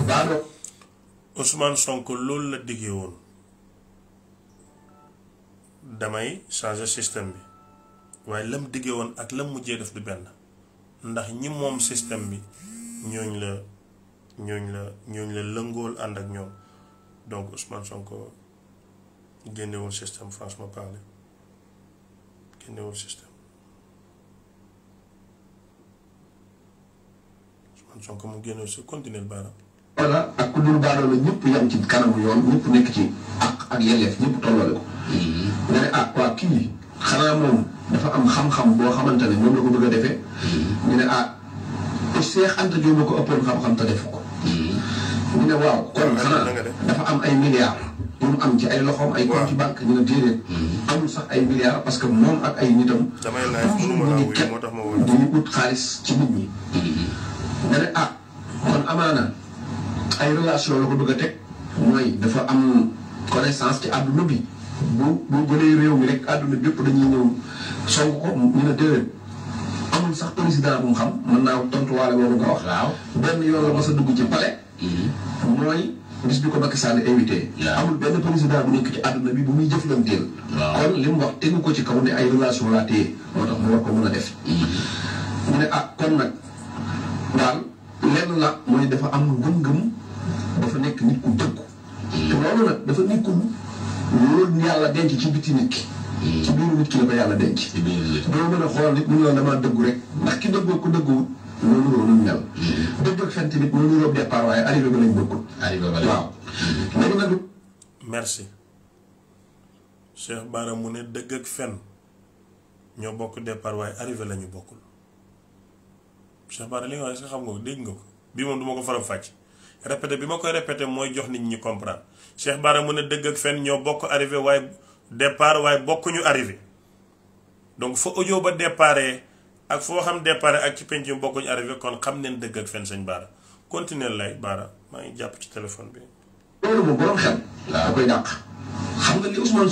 [SPEAKER 2] hmm. Sonko loolu la diggee woon damay changer système bi waaye lam diggee woon ak lam mujjee def du benn ndax ñi moom système bi ñooñ la ñooñ la ñooñ la lëngool ànd ak ñoom donc Ousmane Sonko génnewul système franchement parlé Sonko mu génnewul si continuer baaraam. voilà ak ku lu baaraam la
[SPEAKER 3] ñëpp yam ci kanamu yoon ñëpp nekk ci ak ak yelleef ñëpp tolloole ko. nga ne ah waa kii xanaa moom dafa am xam-xam boo xamante ne moom la ko bëgg a defee. ñu ne ah te Cheikh Anta ko ëppoon xam-xam te def ko. ñu ne waaw kon xanaa. dafa am ay milliards yu am ci ay loxoom ay compte ci banque ñu ne déedéet mm-hmm. amul sax ay milliards parce que moom ak ay nitam toujours mu ngi ket dañu ut xaalis ci nit ñi mm-hmm. nga ne ah kon amaana ay relation la ko bëgg a teg mooy dafa am connaissance ci àdduna bi bu bu jëlee réew mi rek àdduna bi dañuy ñëw song ko ñu ne déedéet amul sax président bu mu xam mën naa tontuwaale loolu nga wax benn yoon la mas a dugg ci palais mm-hmm. mooy gis ñu ko Macky Sall invité. amul benn président bu nekk ci àdduna bi bu muy jëflanteel. kon li mu wax tegu ko ci kaw ne ay relation laa téye moo tax ko mën a def. Mm-hmm. mu ne ah kon nag daal lenn la mooy dafa am ngëm-ngëm dafa nekk nit ku dëggu. Mm-hmm. te loolu nag dafa nit ku loolu yàlla denc ci biti nit ki. Mm-hmm. ci biiru nit ki la ko yàlla denc. doo mën a xool nit mu ne la damaa dëggu rek ndax ki dëggoo ku dëgguwut.
[SPEAKER 2] loolu la mm-hmm. ba mm-hmm. merci Cheikh Bara mu ne dëgg ak fen ñoo bokk départ waaye arrivé la ñu bokkul Cheikh Bara li nga xam nga ko dégg nga ko bii moom du ko faram fàcc répété bi ma koy répété mooy jox nit ñi comprendre Cheikh Bara mu ne dëgg ak fen ñoo bokk arrivé waaye départ waaye bokkuñu arrivé donc fa audio ba départé. ak foo xam départ ak ci penc yu bokkuñ arrivé kon xam neen dëgg ak fen sëñ Baara continuer lay Baara maa ngi jàpp ci téléphone bi.
[SPEAKER 3] loolu moom borom xel laa koy dàq xam nga li mhm.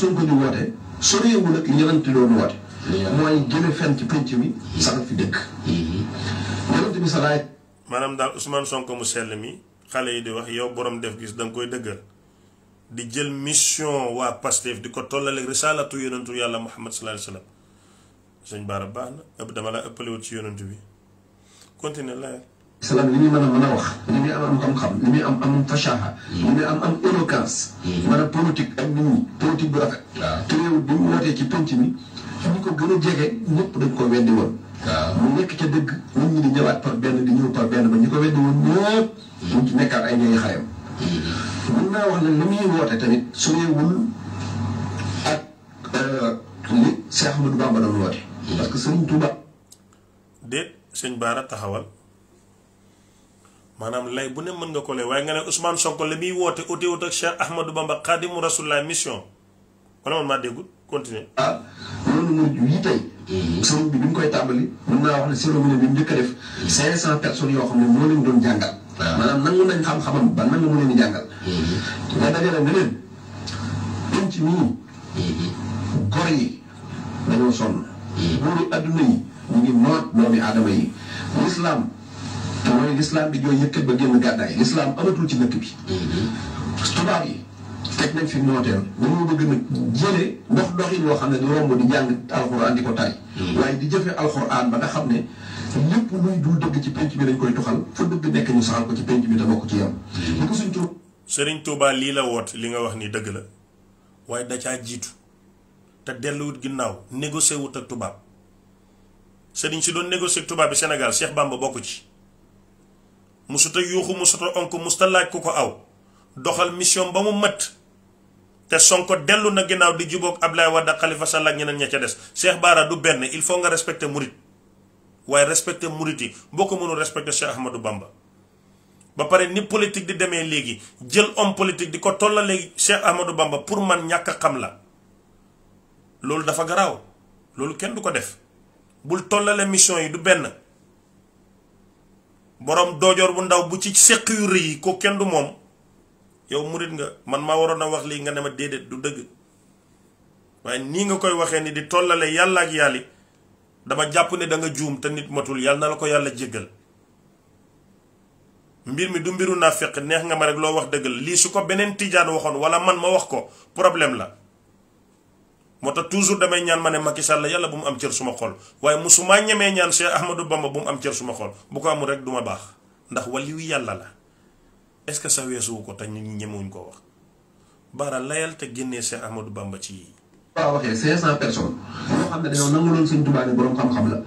[SPEAKER 2] Ousmane Sonko mu sell mi xale yi di wax yow borom def gis da nga koy dëggal di jël mission waa Pastef di ko tollale risalatu yonentu yàlla Muhammad sallallahu alayhi wa sallam sëñ Baara baax na ëpp dama laa ëppalewut ci yonent bi continue laaj. salaam li muy mën a mën a wax li muy am am xam-xam li muy am am fasaha. Hmm. li muy am am éloquence. mën hmm. a politique ak nit ñi politique bu rafet. waaw te mi
[SPEAKER 3] fi ko gën a jege ñëpp dañ ko weddi woon. waaw mu nekk ca dëgg nit ñi ñu ko weddi woon ci hmm. nekkaat ay ñooy wax tamit su réewul ak
[SPEAKER 2] euh, li parce que sëriñ Tuuba. déet sëñ Baara taxawal maanaam lay bu ne mën nga ko lay waaye nga ne Ousmane Sonko la woote uti wut ak Cheikh Ahmadou Bamba Xaadimu Rasulullah mission wala man maa déggul continuer.
[SPEAKER 3] ah loolu mm-hmm. bi bi mu koy tàmbali mën ne bi mu njëkk a def mm-hmm. cinq cent personnes yoo xam ne moo leen doon jàngal. waaw ah. maanaam nangu nañ xam-xamam ba nangu mu leen di jàngal. Mm-hmm. nga dajale ne leen penc mii gor yi dañoo sonn. nguuri adduna yi ñu ngi noot doomi aadama yi lislaam te mooy lislaam bi jooy yëkkat ba génn gàddaay lislaam amatul ci dëkk bi tubaab yi teg nañ fi nooteel dañoo bëgg nag jëlee ndox doxin woo xam ne di romb di jàng alxuraan di ko tay waaye di jëfe alxuraan ba nga xam ne lépp luy dul dëgg ci penc bi dañ koy tuxal fa dëgg nekk ñu saxal ko ci penc bi te bokk ci yam li ko
[SPEAKER 2] suñ Sëriñ Tuubaa lii la woot li nga wax ni dëgg la waaye da caa jiitu te delluwut ginnaaw négocié wut ak tubaab sëriñ si doon négocié ak tubaab bi Sénégal Cheikh Bamba bokku ci musuta yuuxu musuta onk musuta laaj ku ko aw doxal mission ba mu mët te Sonko dellu na ginnaaw di jubóog Ablaye Wade Khalifa xalifa ak ñeneen ña ca des Cheikh Bara du benn il faut nga respecter murit waaye respecter murit yi boo ko mënul respecter Cheikh Ahmadou Bamba ba pare ni politique di demee léegi jël homme politique di ko tollaleeg Cheikh Ahmadou Bamba pour man ñàkk xam la loolu dafa garaaw loolu kenn du ko def bul tollale mission yi du benn boroom doojoor bu ndaw bu ci séq yu rëy yi ko kenn du moom yow murit nga man ma waroon a wax lii nga ne ma déedéet du dëgg waaye nii nga koy waxee ni di tollale yàlla ak yàlli dama jàpp ne da juum te nit matul yàlla na la ko yàlla jéggal mbir mi du mbiru naa fekk neex nga ma rek loo wax dëgg lii su ko beneen tijaan waxoon wala man ma wax ko problème la moo tax toujours damay ñaan ma ne Macky Sall yàlla bu mu am cër suma xol waaye musuma ñemee ñaan Cheikh Ahmadou Bamba bu mu am cër suma xol bu ko amul rek du ma baax ndax waliyu yàlla la est-ce que sax weesuwu ko te ñu ñi ñemewuñ ko wax baara layal te génnee Cheikh Ahmadou Bamba ci waaw waxee cinq cent
[SPEAKER 3] personnes yoo xam ne dañoo nangu loon sëñ Tuubaa ne borom xam-xam la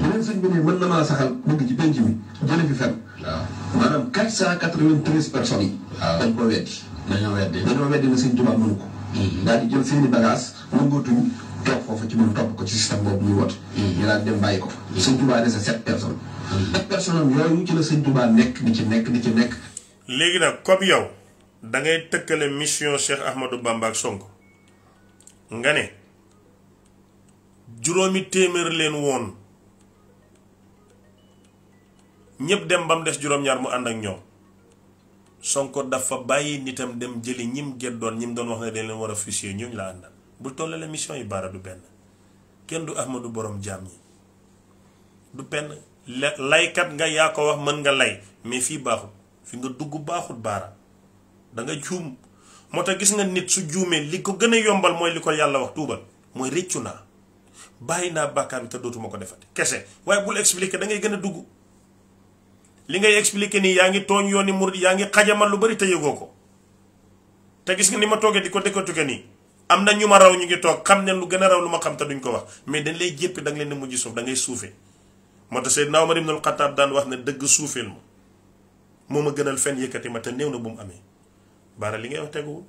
[SPEAKER 3] bu leen sëñ bi ne mën na maa saxal bëgg ci penc mi jële fi fen maanaam quatre cent quatre-vingt-treize personnes yi dañ ko weddi dañoo weddi dañoo Hmm. daal di jël seen i bagages lëngatuñ toog foofu ci biir topp ko ci système boobu muy woote. Hmm. ñu daal dem bàyyi ko fa. Hmm. sëñ Touba des a sept personnes. sept personnes yooyu ci la sëñ Touba nekk di ci nekk di ci nekk.
[SPEAKER 2] léegi nag comme yow da tëkkale mission Cheikh Ahmadou Bamba ak Sonko nga ne juróomi téeméer leen woon ñëpp dem ba mu des juróom-ñaar mu ànd ak ñoom. Sonko dafa bàyyi nitam dem jëli ñim geddoon ñim doon wax ne dañ leen war a fichier ñooñu la àndal bu tollalee mission yi baara du benn kenn du Ahmadou borom jaam ñi du benn laykat nga yaa ko wax mën nga lay mais fii baaxul fi nga dugg baaxul baara da juum moo tax gis nga nit su juumee li ko gën a yombal mooy li ko yàlla wax tuubal mooy réccu naa bàyyi naa bàkkaar bi te dootuma ko defati kese waaye bul expliquer da ngay gën a dugg. li ngay expliqué nii yaa ngi tooñ yooni murid yaa ngi xajamal lu bari te yëgoo ko te gis nga ni ma toogee di ko décortiquer nii am na ñu ma raw ñu ngi toog xam ne lu gën a raw lu ma xam te duñ ko wax mais dañ lay jéppi da nga leen di mujj suuf da ngay suufee moo tax Seydina Omar ibn al-Khattab daan wax ne dëgg suufeel ma moo ma gënal fenn yëkkati ma te new na bu mu amee baara li ngay wax teguwul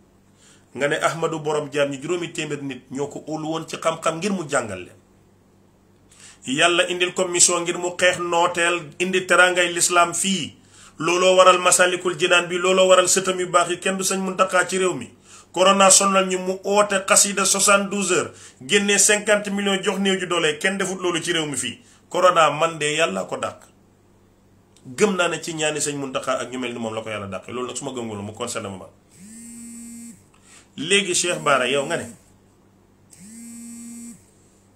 [SPEAKER 2] nga ne Ahmadu borom jaam ñi juróomi téeméer nit ñoo ko óolu woon ci xam-xam ngir mu jàngal yàlla indil ko ngir mu xeex nooteel indi terangay lislaam fii looloo waral masalikul jinaan bi looloo waral sëtam yu baax yi kenn du sañ mun taqaa ci réew mi corona sonal ñi mu oote xasida 72 heures génnee 50 millions jox néew ju doole kenn defut loolu ci réew mi fii corona man de yàlla ko dàq gëm naa ne ci ñaani sañ mun taqaa ak ñu mel ni moom la ko yàlla dàqee loolu nag su ma gëm mu concerné ma léegi Cheikh Bara yow nga ne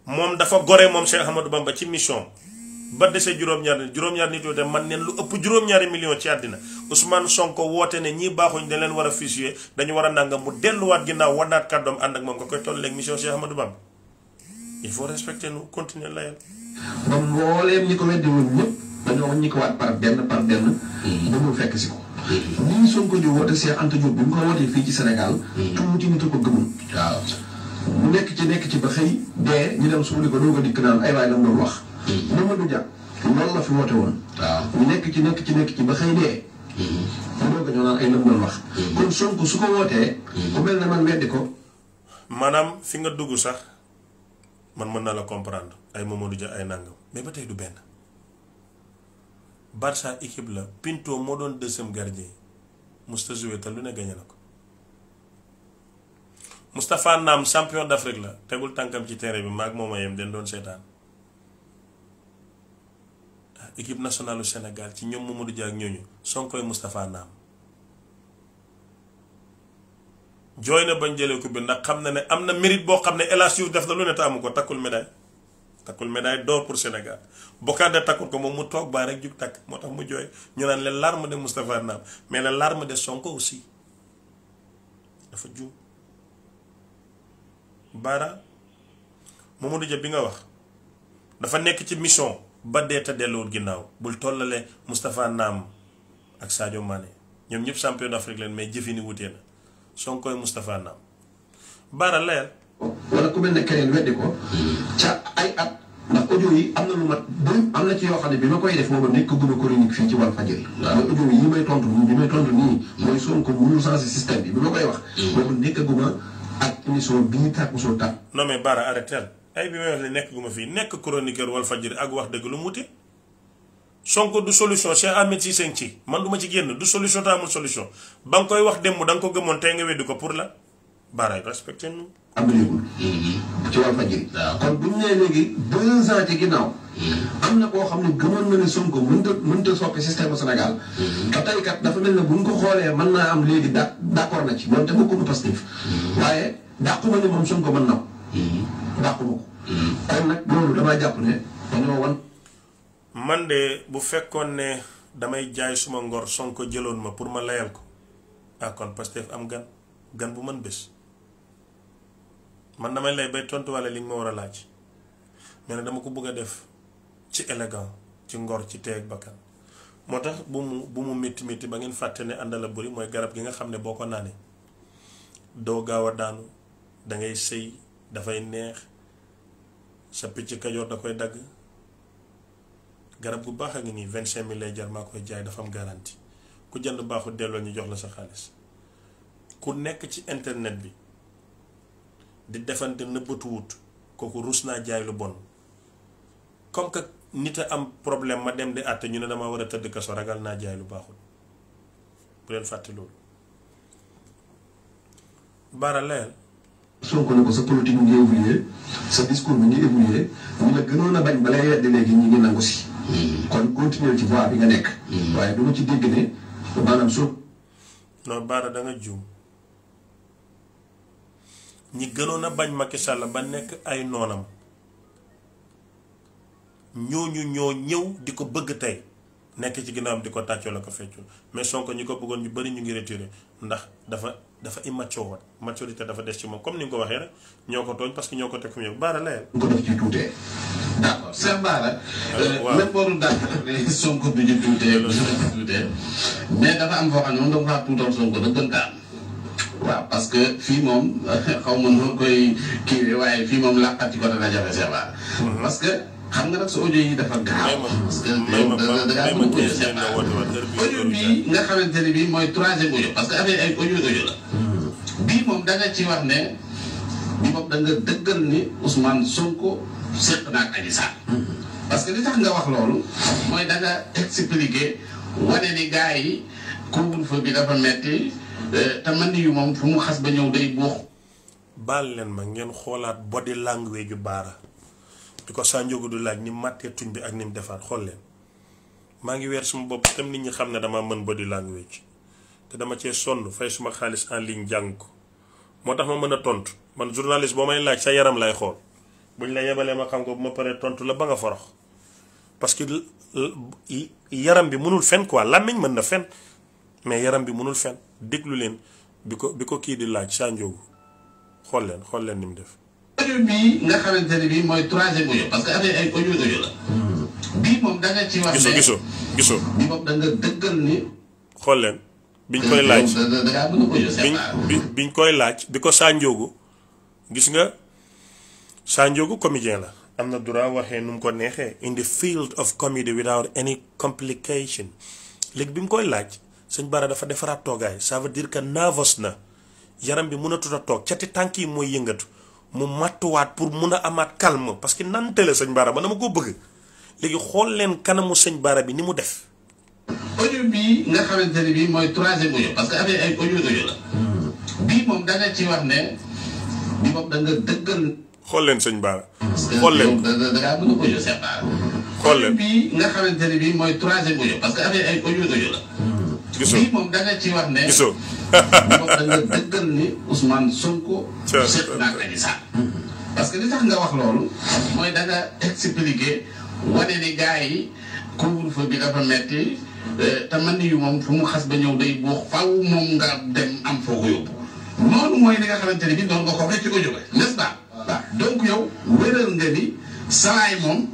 [SPEAKER 2] moom dafa gore moom Cheikh Ahmadou Bamba ci mission ba desee juróom-ñaari juróom-ñaari nit yoo dem man neen lu ëpp juróom-ñaari million ci àddina son Sonko woote ne ñii baaxuñ dañ leen war a fusillé dañu war a nàngam mu delluwaat ginnaaw wanaat kàddoom ànd ak moom nga koy tolleeg mission Cheikh Ahmadou Bamba il faut respecter nous continuer layal.
[SPEAKER 3] ba mbooleem ñi ko weddi woon ñëpp dañoo wax ñi ko waat par benn par benn. Mm-hmm. ba mu fekk si ko. nii mm-hmm. Sonko di woote Cheikh Anta Diop bi mu ko wootee fii ci Sénégal. Mm-hmm. tuuti nit a ko gëmul. nekk ci nekk ci ba xëy dee ñu dem suuli ko doog a dikk naan ay waay la mu doon wax. Mamadou mm-hmm. Dia loolu la fi woote woon.
[SPEAKER 2] nekk ci nekk ci ba xëy dee. Mm-hmm. mu doog a ñëw wax. Mm-hmm. kon maanaam fi nga dugg sax man mën naa la comprendre ay Mamadou Dia ay nangam mais ba tey du benn. Barça équipe la pintoo moo doon deuxième gardien musta joué te lu ne gagné na ko. Moustapha Nam champion d'Afrique la tegul tànkam ci terrain bi maag mooma yem den doon seetaan ah, équipe nationale Sénégal ci ñoom Mamadou Dia ak ñooñu Sonko ak Moustapha Nam jooy na bañ jëlee bi ndax xam na ne am na mérite boo xam ne El Hadj def na lu ne taamu ko takkul médaille takkul médaille d'or pour Sénégal bokkaande takkul ko moom mu toog baa rek jug takk moo tax mu jooy ñu naan les larmes de Moustapha Nam mais les larmes de Sonko aussi baara Mamadou Dia bi nga wax dafa nekk ci mission ba dee te delluwul ginnaaw bul tollale Moustapha Naam ak Sadio Mané ñoom ñëpp champion d'Afrique leen mais jëfini wutee na Sonko ak Moustapha Naam baara leer wala ku
[SPEAKER 3] mel ne keneen weddi ko ca ay at ndax audio yi am na lu mat ba am na ci yoo xam bi ma koy def moom nekk guma chronique fii ci wàllu fajar yi may tontu bi may tontu nii mooy Sonko mënu changé système bi ma koy wax mm. boobu nekk guma ak émission bii tàkkusoo tàkk.
[SPEAKER 2] non mais Baara arrêté ay bi may wax ne nekk gu ma fii nekk chroniqueur wal fajiri ak wax dëgg lu mu wuti Sonko du solution Cheikh Ahmed Cissé ci man du ma ci génn du solution te amul solution ba nga koy wax démb da nga ko gëmoon tey nga weddi ko pour la Baara respecté ñu. am abdoulaye mm-hmm. ci wàllu fajiri.
[SPEAKER 3] kon bu ñu nee léegi deux ans ci ginnaaw. Mm-hmm. am na koo xam ne gëmoon na ne Sonko mënut a mënut a soppi système Sénégal. Mm-hmm. ba tey kat dafa mel ne bu ñu ko xoolee mën naa am léegi da d' accord na ci moom te bokkul Pastef. waaye dàqu ma ne moom Sonko mën na ko. dàqu ma ko.
[SPEAKER 2] kon nag loolu damaa jàpp ne dañoo wan. man de bu fekkoon ne damay jaay suma ngor Sonko jëloon ma pour ma layal ko ah kon Pastef am gan gan bu mën bés. man na damay lay bay tontuwaale li ñu ma war a laaj mel nag dama ko bëgg a def ci élégant ci ngor ci teeg bakkan moo tax bu mu bu mu métti métti ba ngeen fàtte ne àndala buri mooy garab gi nga xam ne boo ko naanee doo gaaw a daanu dangay ngay sëy dafay neex sa picc kajoor da koy dagg garab gu baax a ngi nii vingt cinq mille jar maa koy jaay dafa am ku jënd baaxul delloo ñu jox la sa xaalis ku nekk ci internet bi. di defante nëbbatuwut kooku ruus naa jaay lu bon comme que nit a am problème ma dem di àtte ñu ne dama war a tëdd kaso ragal naa jaay lu baaxul bu leen fàtte loolu la layal
[SPEAKER 3] Sonko ne ko sa politique mu ngi évolué sa discours mi ngi évolué ñu la gënoon a bañ balay weddi léegi ñu ngi nangu si mm-hmm. kon continuer ci
[SPEAKER 2] voie bi nekk mm-hmm. waaye du ci dégg ne maanaam soo non baara da juum ñi gënoon a bañ Macky Sall ba nekk ay noonam ñooñu ñoo ñëw di ko bëgg tey nekk ci ginnaawam di ko tàccoo la ko feccul mais Sonko ñi ko bëggoon ñu bëri ñu ngi retiré ndax dafa dafa immature woon maturité dafa des ci moom comme ni nga ko waxee rek ñoo ko tooñ parce que ñoo ko teg fu mu yëg baara layal. ko def ci tuutee. d' accord seen baara. Euh, waaw lépp Sonko
[SPEAKER 1] bi ñu tuutee. loolu dafa am foo xam ne moom da faa tuutal Sonko dëggantaan. parce que fii moom xaw ma nu koy kii waaye fii moom làqati ko dana jafe Cheikh Bara mhm. parce que xam nga nag sa audio yi dafa gaaw parce que da moom da nga ci wax ne bi moom da dëggal ni Ousmane Sonko séq na ak Adji Sarr mhm. parce que li tax nga wax loolu mooy da nga expliquer wane ni yi couvre-feu bi dafa metti te mandi yu moom fu mu xas ba ñëw day buux.
[SPEAKER 2] baal leen ma ngeen xoolaat body language yu baara di ko saa njóogu du laaj ni màttee tuñ bi ak ni mu defaat xool leen maa ngi weer suma bopp tam nit ñi xam ne dama mën body language te dama cee sonn fay suma xaalis en ligne jàng ko moo tax ma mën a tontu man journaliste boo may laaj sa yaram lay xool buñ la yebalee ma xam ko bu ma paree tontu la ba nga forox parce que yaram bi mënul fen quoi làmmiñ mën na fen mais yaram bi mënul fen déglu leen bi ko bi ko kii di laaj Sanjoogu xool leen xool leen ni mu def. audio hmm. biñ koy laaj koy laaj bi ko Sanjoogu gis nga Sanjoogu comédien la. am na droit waxee nu mu ko neexee in the field of comedy without any complication léegi bi mu koy laaj sëñ Bara dafa defaraat toogaay ça veut que nervous na yaram bi mënatut a toog cati tànk yi mooy yëngatu mu màttuwaat pour mun a amaat calme parce que nante la sañ Bara ba dama ko bëgg léegi xool leen kanamu sëñ Bara bi ni mu def.
[SPEAKER 1] audio mooy troisième audio moom da ci wax ne xool leen sëñ Bara. xool bii nga xamante ne mooy troisième audio parce que affaire ay audio la. Hmm. gisoo bii moom da nga ci war ne. gisoo. moom da nga dëggal ni Ousmane Sonko. seet naa Adji Sarr parce que li tax nga wax loolu. mooy da nga expliqué wane ni yi couvre-feu bi dafa metti euh, te man yu moom fu mu xas ba ñëw day buux faaw moom nga dem am foo ko yóbbu. noonu mooy li nga xamante ne bii ko waxee ci audio bi n'est-ce pas. yow wéral nga ni salaay moom.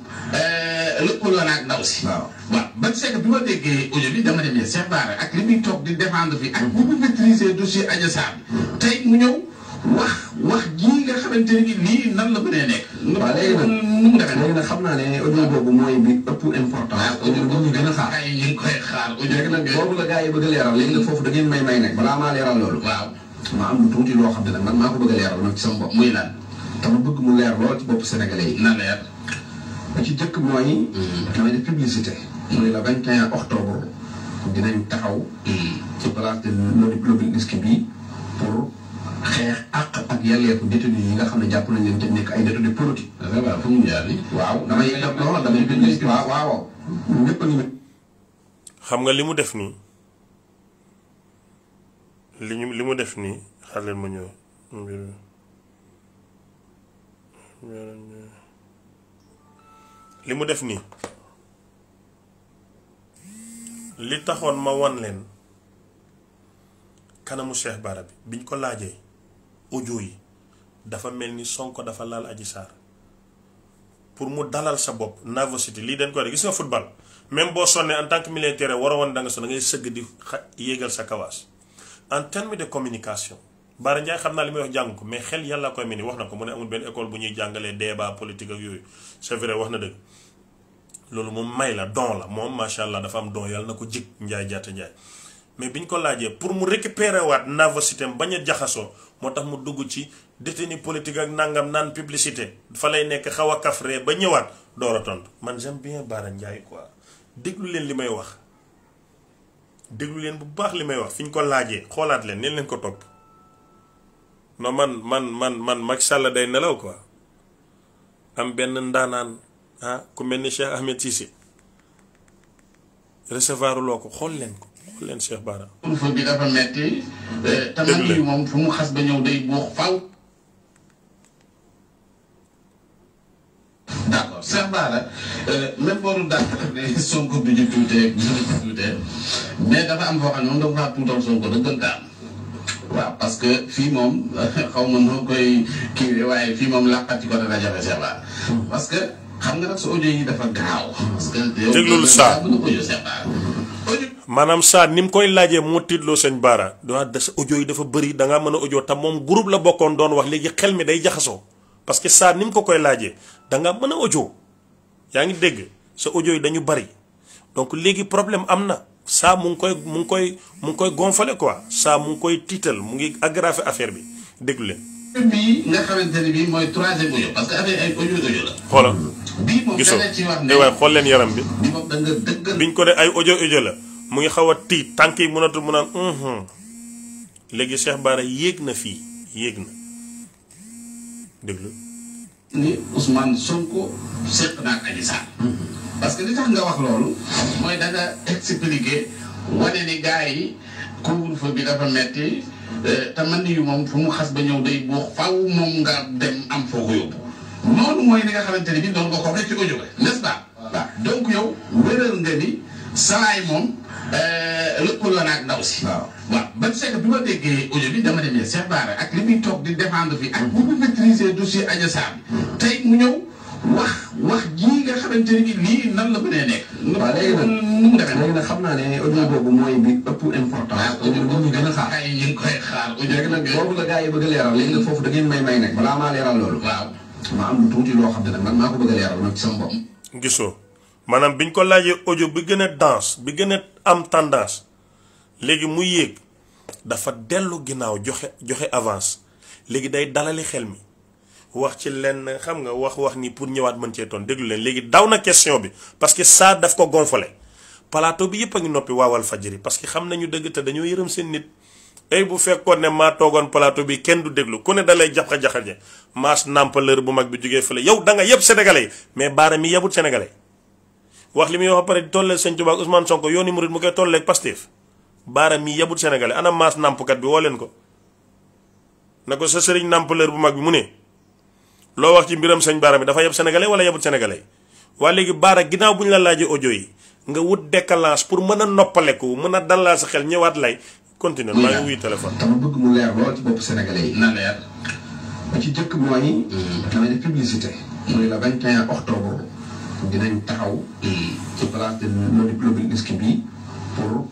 [SPEAKER 1] lëkkaloo na ak ndaw si. waaw waaw ba c' est que bi ma déggee audio bi dama demee Cheikh Bara ak li muy toog di défendre fi ak bu mu maîtriser dossier Adji Sarr bi. Mm. mu ñëw wax wax jii nga xamante ni lii nan la mënee
[SPEAKER 3] xam naa ne audio boobu mooy bi ëpp important. waaw audio boobu gën ay ñu ngi koy la gars yi da ngeen may may nag balaa maa leeral loolu. waaw ma am lu tuuti loo xam ne nag man maa ko bëgg a leeral nag ci sama bopp muy lan. te bëgg mu leer lool ci bopp sénégalais na leer ci jëkk mooy. campagne mm-hmm. de publicité. mooy le 21 octobre. dinañ taxaw. Mm-hmm. ci place de l'Obélisque bi pour xeex àq ak yelleefu détenu
[SPEAKER 2] yi nga xam ne jàpp nañ leen te nekk ay détenu politique. Ah, waaw fu mu jaar waaw xam nga li mu def nii li li mu def nii xaar ma ñëw. li mu def nii li taxoon ma wan leen kanamu Cheikh Bara bi biñ ko laajee audio yi dafa mel ni Sonko dafa laal Adji Sarr pour mu dalal sa bopp nervosité lii dañ ko de gis nga football même boo sonnee en tant que militaire waroon da nga sonn ngay sëgg di xa yéegal sa kawaas en terme de communication Bara Ndiaye xam naa li may wax jàng ko mais xel yàlla koy mel ni wax na ko mu ne amul benn école bu ñuy jàngalee débat politique ak yooyu c'est vrai wax na dëgg loolu moom may la don la moom macha allah dafa am don yàlla na ko jig njaay jaata njaay mais bi ñu ko laajee pour mu récupérer waat nervosité am bañ a jaxasoo moo tax mu dugg ci détenu politique ak nangam naan publicité dafa lay nekk xaw a kafree ba ñëwaat door a tontu man j'aime bien Bara Ndiaye quoi déglu leen li may wax déglu leen bu baax li may wax fi ñu ko laajee xoolaat leen ni leen ko topp non man man man man Macky Sall day nelaw quoi am benn ndaanaan. Ah, ku mel ni Cheikh Ahmed Cissé recevoir loo ko xool leen ko xool leen Cheikh Bara.
[SPEAKER 1] fa bi dafa metti eh, te man yi moom fu mu xas ba ñëw day buux faw. d' accord Cheikh Bara eh, bi ñu tuutee bi ñu tuutee mais dafa am foo xam ne moom dafa faa tuutal Sonko dëggantaan waaw parce que fii moom xaw ma noo koy kii waaye fii moom làqat ci côté la jafe parce que. xam nga nag sa audio yi dafa gaaw. parce que saa
[SPEAKER 2] maanaam saa ni mu koy laajee moo tiitloo seen Baara da sa audio yi da ngaa mën a ojo tam moom groupe la bokkoon doon wax léegi xel mi day jaxasoo parce que saa ni mu ko koy laajee da ngaa mën a ojo yaa ngi dégg sa audio yi dañu bëri donc léegi problème am na saa mu ngi koy mu ngi koy mu ngi koy gonfale quoi saa mu ngi koy tiital mu ngi aggraver affaire bi déglu leen.
[SPEAKER 1] gisoo eh
[SPEAKER 2] waay xool leen yaram bi biñ ko de ay audio audio la mu ngi xaw a tiit tànk yi mënatu a naan léegi Cheikh Bara yéeg na fii yéeg na déglu. ni Ousmane
[SPEAKER 1] Sonko seq parce que li tax nga wax loolu mooy da expliqué wane ni gars yi bi dafa metti euh, te yu moom fu mu xas ba ñëw day buux faw moom nga dem am foo ko yóbbu. noonu mooy li nga xamante ne bii noonu nga ko rek ci ko jógee n'est-ce pas. waaw donc yow wéral nga ni salaay moom euh, lëkkaloo na ak ndaw si. waaw waaw ban seq bi ma déggee audio bi dama demee Cheikh Bara ak li muy toog di défendre fi ak bu ñu maîtriser dossier Adji Sarr bi. Hmm. tey mu ñëw wax wax jii nga xamante ne bii lii nan la mënee nekk. waaw léegi nag nu mu demee
[SPEAKER 3] léegi nag xam naa ne audio boobu mooy bi ëpp important. waaw audio boobu ñu gën a xaar. ay ñu ngi koy xaar audio. léegi nag boobu la gars yi bëgg a leeral léegi nag foofu da ngeen may may nag balaa maa leeral loolu. waaw. ma am tuuti loo xam ne nag maa ko bëgg leeral nag ci sama bopp.
[SPEAKER 2] gisoo maanaam biñ ko laajee ojo bi gën a dance bi gën a am tendance léegi mu yéeg dafa dellu ginnaaw joxe joxe avance léegi day dalali xel mi wax ci lenn xam nga wax wax ni pour ñëwaat mën cee toon déglu leen léegi daw na question bi parce que saa daf ko gonfale plateau bi yëpp a ngi noppi waawal fajiri parce que xam nañu dëgg te dañoo yërëm seen nit. ay bu fekkoon ne maa toogoon palaato bi kenn du déglu ku ne dalay jaxa jaxaje maas nampaleur bu mag bi jógee fële yow da nga yëpp sénégalais mais baara mi yebut sénégalais wax li muy wax ba pare tollee sëñ Tuubaa ak Ousmane Sonko yooni murit mu koy tolleeg baara mi yebut sénégalais ana maas nampkat bi woo leen sa sëriñ nampaleur bu mag mu ne loo wax ci mbiram sëñ baara mi dafa yeb sénégalais wala yebut sénégalais waaye léegi baara ginnaaw bu ñu la laajee audio yi nga wut décalage pour mën a noppaleku mën a dalal sa xel ñëwaat lay continuer maa ngi wuy téléphone
[SPEAKER 3] bi ci jëkk mooy. Mm. damay def publicité. mooy le vingt et octobre dinañ taxaw. Mm. ci place de l'Obélisque bi pour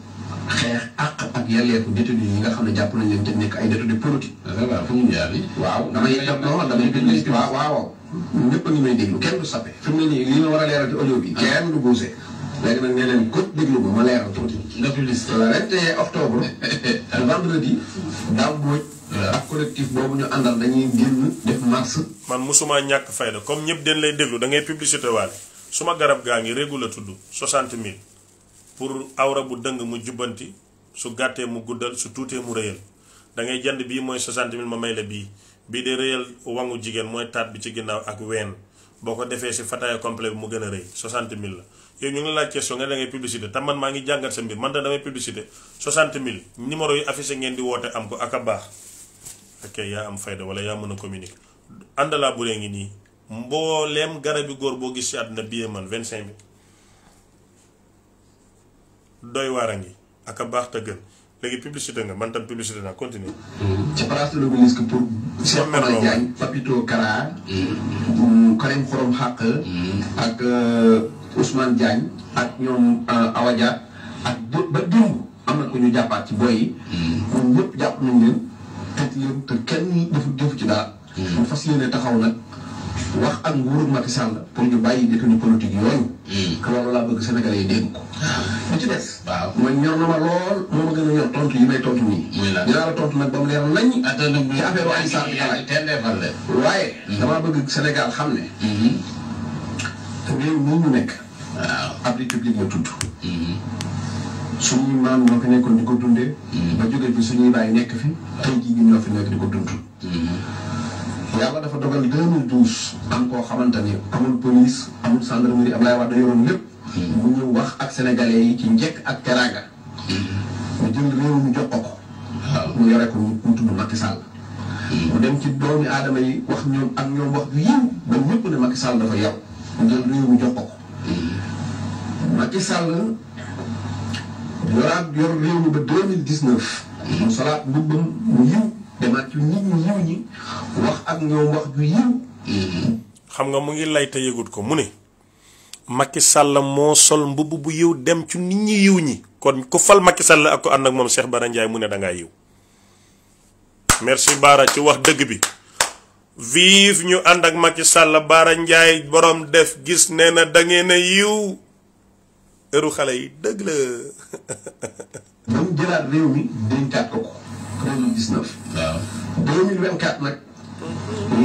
[SPEAKER 3] xeex àq ak yelleeku détenu yi nga xam ne jàpp nañ leen te nekk ay détenu politique. Ah, waaw fu mu jaar waaw damay def non damay publicité waaw waaw. ñëpp a ngi may déglu kenn du sape. fi mu ne nii li ma war a leeral ci audio bi. Ah. kenn du bousee.
[SPEAKER 2] léegi nag nee nañ ko déglu ba ma leeral tuuti. nga publicité le 21 octobre. vendredi daaw booy.
[SPEAKER 3] ak collectif boobu ñu àndal man
[SPEAKER 2] mosuma ñàkk fayda comme ñëpp den lay déglu da ngay publicité waale suma garab gaa ngi régu a tudd soixante mille pour awra bu dëng mu jubbanti su gàttee mu guddal su tuutee mu rëyal da ngay jënd bii mooy soixante mil ma may la bii bii de rëyal wangu jigéen mooy taat bi ci ginnaaw ak ween boo ko defee si fataaya complet bi mu gën a rëy soixante mille la yow ñu ngi laaj question nga da ngay publicité te man maa ngi jàngat sa mbir man da damay mille numéro yi affiché ngeen di woote am ko ak a baax fekkee yaa am fayda wala yaa mën a communiquer àndalaa bu ree ngi nii mbooleem garabi góor boo gis ci àdduna bi man vingt cinq mille doy waar a ngi ak baax te gën léegi publicité nga man tam publicité naa continuer mm-hmm. ci place de l'Obélisque pour Cheikh Omar Diagne Papito Kara mm-hmm. bu Karim Xorom mm-hmm. Xàq ak euh, Ousmane Diagne ak
[SPEAKER 1] ñoom euh, Awadia ak ba démb am na ko ñu jàppaat ci boy yi ñëpp jàpp nañ leen tëj leen te kenn defu defu ci dara. ñu mm-hmm. fas yéene taxaw nag wax ak nguuru Macky Sall pour ñu bàyyi détenu politique yooyu. Mm-hmm. que loolu laa bëgg Sénégalais yi dégg ko. bu ah.
[SPEAKER 3] ci des. waaw ñor na ma lool moo ma gën a tontu yi may tontu nii. muy la dinaa la tontu nag ba mu leer nañ.
[SPEAKER 1] ak dëgg bu waaye. Mm-hmm. damaa bëgg Sénégal xam ne. réew mi ñu nekk. waaw ab république la tudd.
[SPEAKER 3] suñuy maam ñoo fi nekkoon di ko dundee. Mm-hmm. ba jóge fi suñuy bàyyi nekk fi tey jii ñun ñoo fi nekk di ko dund. Mm-hmm. yàlla dafa dogal 2012 am koo xamante ni amul police amul gendarmerie Ablaye Wade yoroon lépp. Mm-hmm. mu ñëw wax ak sénégalais yi ci njëkk ak teraanga. mu jël réew mi jox ko mu yore ko mu tudd mu dem ci doomi aadama yi wax ñoom ak ñoom wax bi yiw ba ñëpp ne Macky Sall dafa yow. mu jël réew mi jox ko ko. yoraat yor réew ba deux mille dix mu solaat mbubbam mu
[SPEAKER 2] yiw demaat ak nga mu ngi lay ko mu ne. Macky Sall moo sol mbubb bu yiw dem ci nit ñi yiw ñi. kon ku fal Macky Sall ak ko ànd ak moom Cheikh Bara mu ne dangay ngaa yiw. merci Bara ci wax dëgg bi. vive ñu ànd ak Macky Sall Bara borom def gis nee na da ngeen a yiw. heure xale yi dëgg la.
[SPEAKER 3] dañ jëlaat réew mi dénkaat ko ko. 2019. waaw 2024 nag.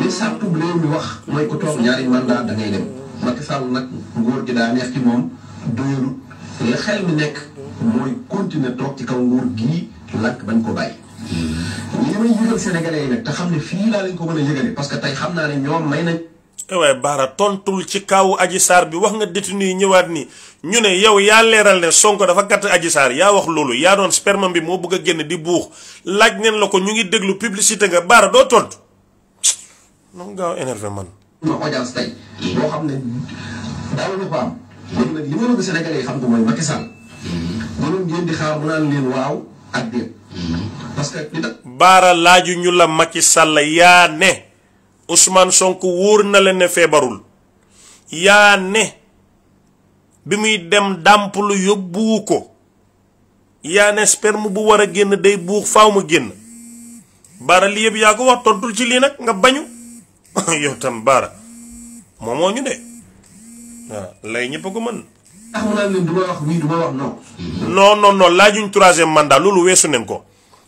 [SPEAKER 3] li sàrtub réew mi wax. mooy ku toog ñaari mandat da ngay dem. Macky Sall nag nguur gi daa neex ci moom doyalut. li xel mi nekk. mooy continuer toog ci kaw nguur gii lànk bañ ko bàyyi. Mm-hmm. li may yëgal sénégalais yi nag te xam ne fii laa lañ ko mën a yëgale parce que tey xam naa ne ñoom may
[SPEAKER 2] nañ. waaye baara tontul ci kawu aji saar bi wax nga détenu yi ñëwaat ni ñu ne yow yaa leeral ne sonko dafa gàtt aji saar yaa wax loolu yaa doon sperme bi moo bëgg a génn di buux laaj neen la ko ñu ngi déglu publicité nga baara doo tontu noonu mm-hmm. ñu la Macky Sall yaa ne Ousmane sonk wóor na la feebarul yaa ne bi muy dem dàmp lu yóbbuwu ko yaa ne sperme bu war a génn day buux faw mu génn baara lii yëpp yaa ko wax tontul ci lii nag nga bañu yow tam baara moomoo ñu de waaw ah, lay ñëpp a ko mën. non non non laajuñ troisième mandat loolu weesu nañ ko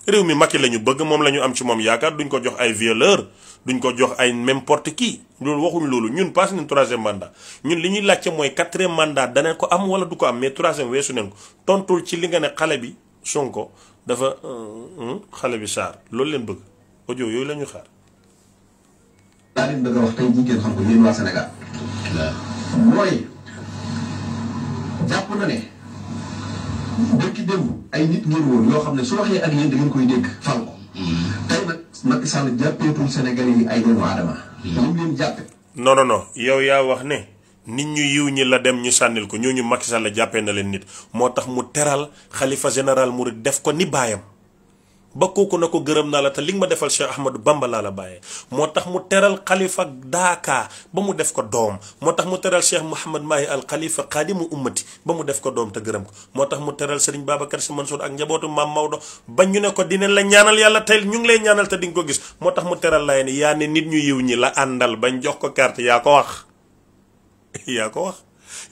[SPEAKER 2] réew mi Macky la ñu bëgg moom la ñu am ci moom yaakaar duñ ko jox ay violeur duñ ko jox ay port kii loolu waxuñ loolu ñun passé nañ troisième mandat ñun li ñuy laajte mooy quatrième mandat dana ko am wala du ko am mais troisième weesu nañ ko tontul ci li nga ne xale bi Sonko dafa euh, euh, xale bi Sarr loolu leen bëgg audio yooyu la ñu xaar.
[SPEAKER 3] mooy jàpp na ne dëkk démb ay nit ngeen woon yoo xam ne su waxee ak yéen da koy dégg fal ko mm-hmm. Macky Sall hmm.
[SPEAKER 2] yow yaa wax ne nit ñu yiw ñi la dem ñu sànnil ko ñooñu Macky Sall jàppee na leen nit moo tax mu teral xalifa général Mouride def ko ni baayam. ba kooku na ko gërëm naa la te li nga ma defal Cheikh Ahmadou Bamba laa la bàyyee moo tax mu teral xalifa daakaa ba mu def ko doom moo tax mu teral Cheikh Mouhamad Mahi al xalifa xaadimu ummati ba mu def ko doom te gërëm moo tax mu teral Serigne Babacar Sy Mansour ak njabootu maam Maodo ba ñu ne ko dinañ la ñaanal yàlla tey ñu ngi lay ñaanal te di nga ko gis moo tax mu teral laay ne yaa ne nit ñu yiw ñi la àndal bañ jox ko carte yaa ko wax yaa ko wax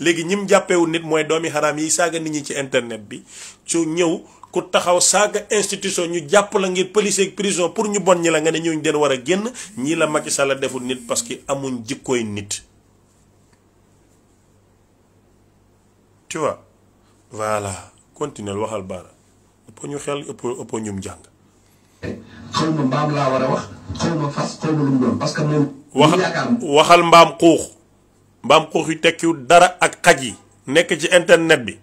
[SPEAKER 2] léegi ñim jàppewu nit mooy doomi xaraam yi saaga nit ñi ci internet bi su ñëw ku taxaw saaka institution ñu jàpp la ngir police ak prison pour ñu bon ñi la nga ne ñooñu den war a génn ñii la Macky Sall deful nit parce que amuñ jikkooy nit tu vois voilà continuer waxal baara ëpp ñu xel ëpp ëpp ñum
[SPEAKER 3] parce que moom. wax waxal
[SPEAKER 2] mbaam xuux mbaam xuux yu tekkiwul dara ak xaj yi nekk ci internet bi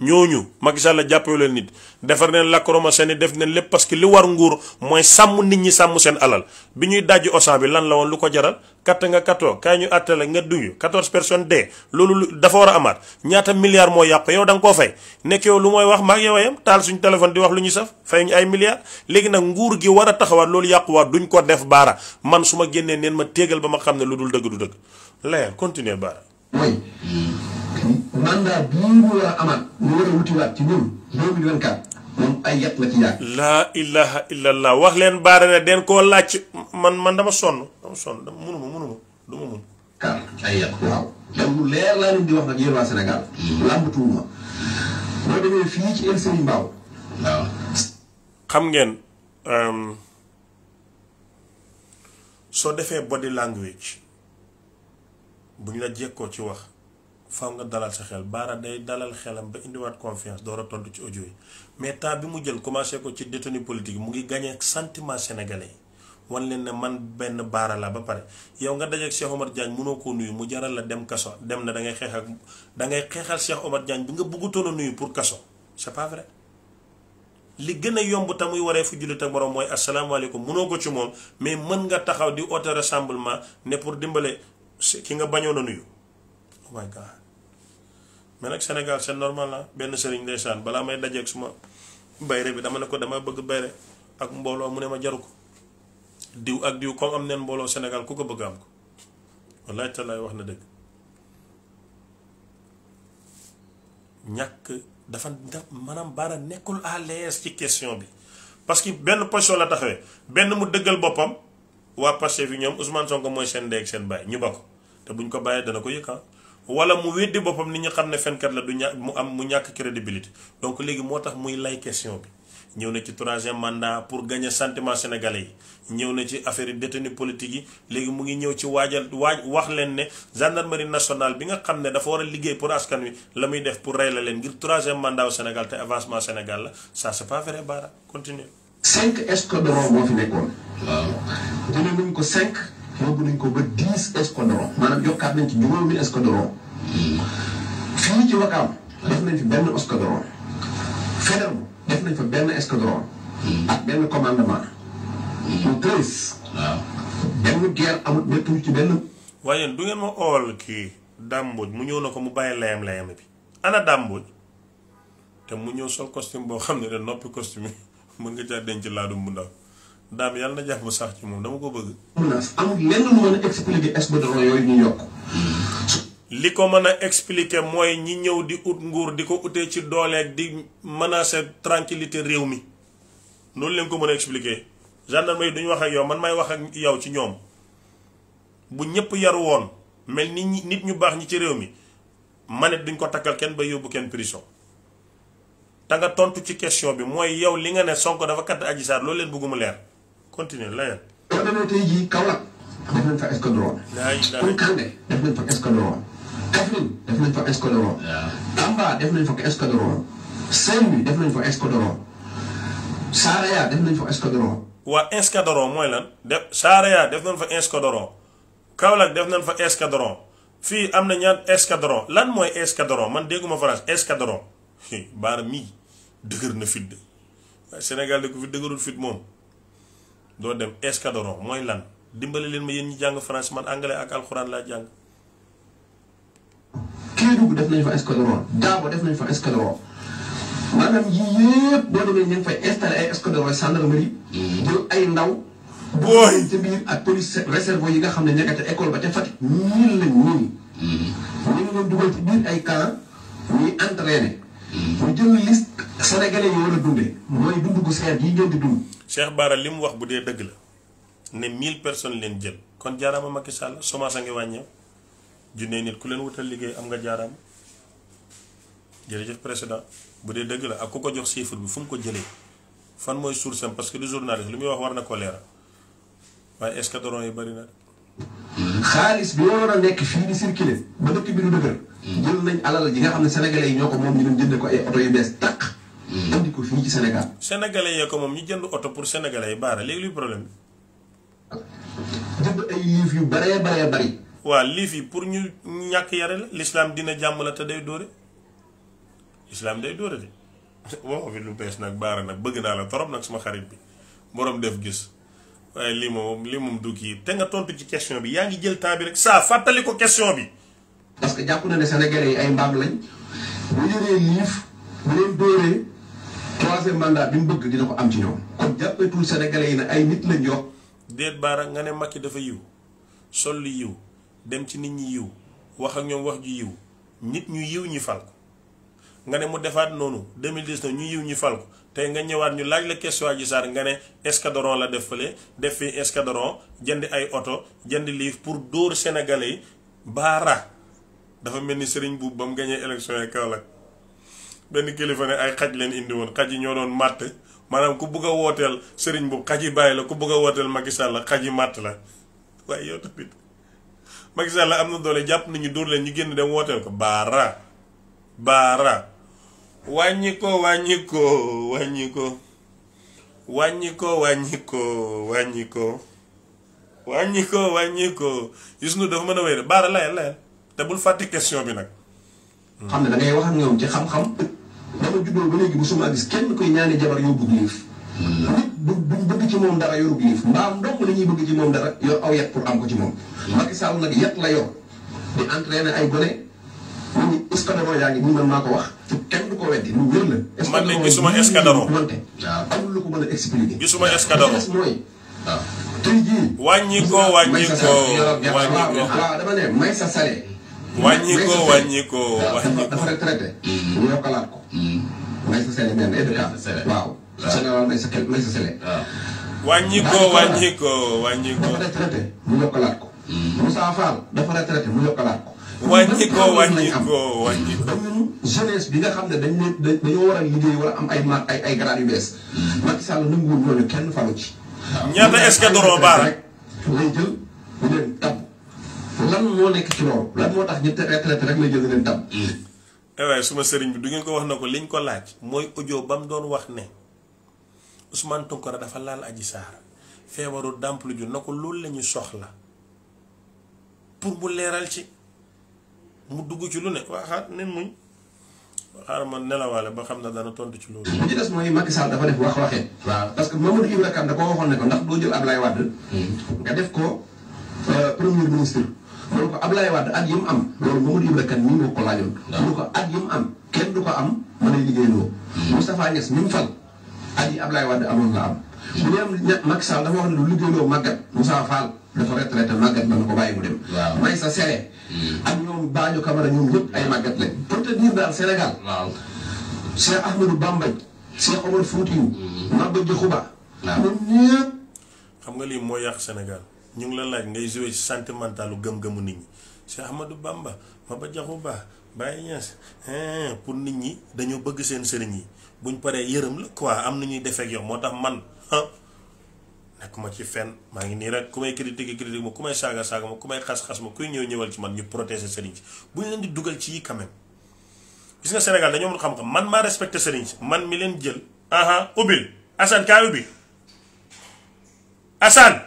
[SPEAKER 2] ñooñu Macky Sall jàppee leen nit defar neen lakoroma seen i def neen lépp parce que li war nguur mooy sàmm nit ñi sàmm seen alal bi ñuy dajji osan bi lan la woon lu ko jaral katt nga kattoo kaay ñu àtte la nga duñu quatorze personnes de loolu dafa war a amaat ñaata milliards moo yàq yow da nga koo fay nekk yow lu mooy wax maag yow ayam taal suñu téléphone di wax lu ñu saf fay ñu ay milliards léegi nag nguur gi war a taxawaat loolu yàquwaat duñ ko def baara man su ma neen ma téegal ba ma xam ne lu dul dëgg du dëgg layal continuer baara
[SPEAKER 3] mandat bii mu war a amaat ñu war a wutiwaat ci ñun
[SPEAKER 2] 2024 moom ay yat la ci yàgg. laa ilaha illallah wax leen baara ne den koo laaj man man dama sonn dama sonn dama mënuma mënuma ma mun. kaar ay yat waaw. leer laa leen di wax nag yéen waa Sénégal. Mm-hmm. làmbatuwuma. boo demee fii ci El Serigne Mbaw. xam ngeen. Euh, soo defee body language buñ la jekkoo ci wax. faw nga dalal sa xel baara day dalal xelam ba indiwaat confiance door tontu ci audio yi mais temps bi mu jël commencé ko ci détenu politique mu ngi gagné sentiment sénégalais yi wan leen ne man benn baara la ba pare yow nga dajeeg Cheikh Omar Diagne munoo ko nuyu mu jaral la dem kaso dem na da ngay xeex ak xeexal Cheikh Omar Diagne bi nga bëggutoon a nuyu pour kaso c'est pas vrai. li gën a yomb te muy waree fu jullit ak borom mooy asalaamaaleykum munoo ko ci moom mais mën nga taxaw di oote rassemblement ne pour dimbale ki nga bañoon mais nag Sénégal c'est normal la ah. benn sëriñ saan balaa may dajeeg suma bayre bi dama ne ko dama bëgg bayre ak mbooloo mu ne ma jaru ko diw ak diw comme am neen mbooloo Sénégal ku ko bëgg am ko wallaay lay wax na dëgg ñàkk dafa maanaam baara nekkul à l'aise ci question bi parce que benn position la taxawee benn mu dëggal boppam waa Pastef yi ñoom Ousmane Sonko mooy seen ndey ak seen baay ñu ba ko te buñ ko bàyyee dana ko yëkka ah. wala mu weddi boppam nit ñi xam ne fenkat la du ña mu am mu ñàkk crédibilité donc léegi moo tax muy lay question bi ñëw na ci troisième mandat pour gagner sentiment sénégalais yi ñëw na ci affaire yi détenu politique yi léegi mu ngi ñëw ci waajal waaj wax leen ne gendarmerie nationale bi nga xam ne dafa war a liggéey pour askan wi la muy def pour rey la leen ngir troisième mandat au Sénégal te avancement Sénégal la ça c'est pas vrai Bara continue.
[SPEAKER 3] cinq escadrons moo fi nekkoon. waaw cinq. yóbbu nañ ko ba dix escadron maanaam yokkaat nañ ci juróomi escadron fii ci Wakaam def nañ fi benn escadron Faidherbe fa benn escadron benn commandement mu
[SPEAKER 2] treize benn guerre amut méttu ci benn waaye du ngeen ma ool kii dàmbooj mu ñëw na ko mu bàyyi layam-layam bi ana dàmbooj te mu ñëw sol costume boo xam ne de noppi costume mën nga caa denc laadum bu ndaw daam yàlla na jàmm sax ci moom dama ko bëgg. li ko mën a expliqué mooy ñi ñëw di ut nguur di ko ute ci dooleeg di mën a menacer tranquillité réew mi noonu leen ko mën a expliquer gendarme yi duñu wax ak yow man may wax ak yow ci ñoom bu ñëpp yaru woon mel ni nit ñu baax ñi ci réew mi manit duñ ko takkal kenn ba yóbbu kenn prison tanga nga tontu ci question bi mooy yow li nga ne sonk dafa katt Adji Sarr loolu leen bëgg leer. continue layal.
[SPEAKER 3] boo demee def nañ fa escadron. laay def nañ fa escadron. Kaffrine def nañ fa escadron. Tamba def nañ fa escadron. Saint-Louis def nañ fa escadron.
[SPEAKER 2] waa escadron mooy lan def Saraya def nañ fa escadron. Kaolack def nañ fa escadron. fii am na ñaan escadron lan mooy escadron man dégguma France escadron baara mii dëgër na fit de Sénégal de ko dëgërul fit moom. doo dem escadron mooy lan dimbale leen ma yéen ñi jàng France man anglais ak alxuraan laa jàng.
[SPEAKER 3] Kédougou def nañ fa escadron Dabo def nañ fa escadron maanaam yii yëpp boo demee ñu fay installé ay escadron gendarmerie. Mhm. jël ay ndaw. booy ci biir ak police réserve yi nga xam ne nekk école ba ca Fatick. ñii lañ ñii. Mhm. ñu ngi leen dugal ci biir ay camp ñuy entraîné. ñu jël liste sénégalais yi dundee mooy dund gu seer yi ngeen dund.
[SPEAKER 2] Cheikh Bara li mu wax bu dee dëgg la ne mille personnes leen jël kon jaaraama Macky Sall semence a ngi wàññeeku junne nit ku leen wutal liggéey am nga jaaraama jërëjëf président bu dee dëgg la ak ku ko jox chiffre bi fu mu ko jëlee fan mooy source am parce que du journaliste lu muy wax war na ko leeral waaye escadron yi bari na.
[SPEAKER 3] xaalis bi waroon a nekk fii di circuler ba dëkk bi du dëgër jël nañ alal ji nga xam ne sénégalais yi ñoo ko moom ñu dem jënde ko ay oto yu bees tàq indi ko fii ci
[SPEAKER 2] Sénégal sénégalais yee ko moom ñu jënd oto pour sénégalais yi baara léegi luy problème
[SPEAKER 3] bi jënd ay liif yu baree
[SPEAKER 2] baree bari waa liif yi pour ñu ñàkk yare la l'islam dina jàmm la te day dóore l'islam day dóore de waxoo fi lu bees nag baara nag bëgg naa la torop nag suma xarit bi boroom def gis waaye lii moom lii moom du kii te nga tontu ci question bi yaa ngi jël temps bi rek saa fàttali ko question bi. parce que jàpp na ne Sénégalais yi ay mbaam lañ
[SPEAKER 1] bu yoree liif leen dóoree
[SPEAKER 3] troisième mandat bi mu bëgg dina ko am ci ñoom. kon jàppetul Sénégalais yi ne ay nit lañ yor.
[SPEAKER 2] déet baara nga ne Macky dafa yiw sol lu yiw dem ci nit ñi yiw wax ak ñoom wax ñu yiw nit ñu yiw ñi fal ko nga ne mu defaat noonu 2019 ñu yiw ñi fal ko. tey nga ñëwaat ñu laaj la question Adji Sarr nga ne escadron la def fële def fi escadron jënd ay oto jënd livre pour dóor Sénégalais yi baara dafa mel ni sëriñ buub ba mu gañee élection yi Kaolack benn kilifa ne ay xaj leen indi woon xaj yi ñoo doon màtt maanaam ku bugg wooteel sëriñ buub xaj yi bàyyi la ku bugg a wooteel Macky Sall la xaj yi màtt la waaye yow tamit Macky Sall la am na doole jàpp nañu dóor leen ñu génn dem wooteel ko baara baara wàññikoo ko wàññi ko wàññi ko wàññi ko wàññi wàññi ko wàññi ko wàññi ko Youssou Ndour dafa mën a wéy rek layal layal te bul fàtte question bi nag.
[SPEAKER 3] Hmm. xam ne da wax ak ñoom ci xam-xam. dafa juddoo ba léegi bu suma gis kenn koy ñaani jabar yoo bëgg liif. bu hmm. bëgg ci moom dara yorub liif mbaam ndox la ñuy bëgg ci moom dara yor aw yet pour am ko ci moom. Hmm. Macky nag yet la yor di entraîner ay gone. ñu escadron yaa ngi nii man maa ko wax te kenn du ko weddi lu wér la. man de gisuma
[SPEAKER 2] escadron wante waaw amul lu ko mën a expliquer. gisuma escadron mooy waaw tey jii. wàññi ko wàññi ko wàññi ko waaw dama ne may sa sale.
[SPEAKER 3] wàññi ko wàññi ko wàññi ko dafa retraité. ñu mm-hmm. yokkalaat ko. Mm-hmm. may sa sale benn EDK waaw. waaw may sa may sa sale. wàññi ko wàññi ko wàññi ko. dafa retraité mu yokkalaat ko. Mm-hmm. Moussa Fall dafa retraité mu yokkalaat ko. wàññi ko wàññi ko wàññi ko. jeunesse bi nga xam ne dañ ne dañoo war am ay ma ay ay grades yu bees. Macky Sall nanguwul ñooñu kenn falu ci. ñaata est baax que doroo baara. ci loolu lan moo tax
[SPEAKER 2] ñu retraité rek lay eh suma sëriñ bi du ngeen ko wax na ko liñ ko laaj mooy audio bam mu doon wax ne Ousmane Tounkara dafa laal Adji Sarr feebaru dàmplu ju na ko loolu la ñu soxla pour mu leeral ci. mu dugg ci lu ne waa xaar nen muñ xaaral ma nelawaale ba xam ne dana tontu ci loolu. li ci
[SPEAKER 3] des mooy Macky Sall dafa def wax waxee. waaw parce que Mamadou Ibra Kane da koo ndax doo jël Ablaye Wade. Hmm. nga def ko euh, premier ministre. loolu ko Ablaye Wade at yi mu am. loolu Mamadou Ibra Kane nii moo ko mu am kenn du ko am mën a liggéeyaloo. Hmm. Moustapha Niass mi mu fal at yi Ablaye Wade la am. lu liggéeyaloo màggat Moussa Fall. dafa retraité màggat man ko bàyyi mu dem. waaw may sa sere. Hmm. ak ñoom baañu kamara ñoom ñëpp ay màggat lañ. pour te dire daal Sénégal. waaw Cheikh Ahmadou Bamba
[SPEAKER 2] Cheikh hmm. Ba. waaw ñoom ñëpp. xam nga lii moo yàq Sénégal ñu ngi la ngay joué ci sentimentalu gëm-gëmu nit ñi Cheikh Ahmadou Bamba Maba Ba pour nit ñi dañoo bëgg seen sëriñ yi buñ paree yërëm la quoi am na ñuy defee ak moo tax man ah, nekk ma ci fen maa ngi nii rek ku may critique critique ma ku may saaga saaga ma ku may xas-xas ma kuy ñëw ñëwal ci man ñu protéger sëriñ si bu ñu leen di dugal ci yi quand même nga Sénégal dañoo mën xam-xam man maa respecté sëriñ si man mi leen jël aha ubbil Assane kaa ubbi Assane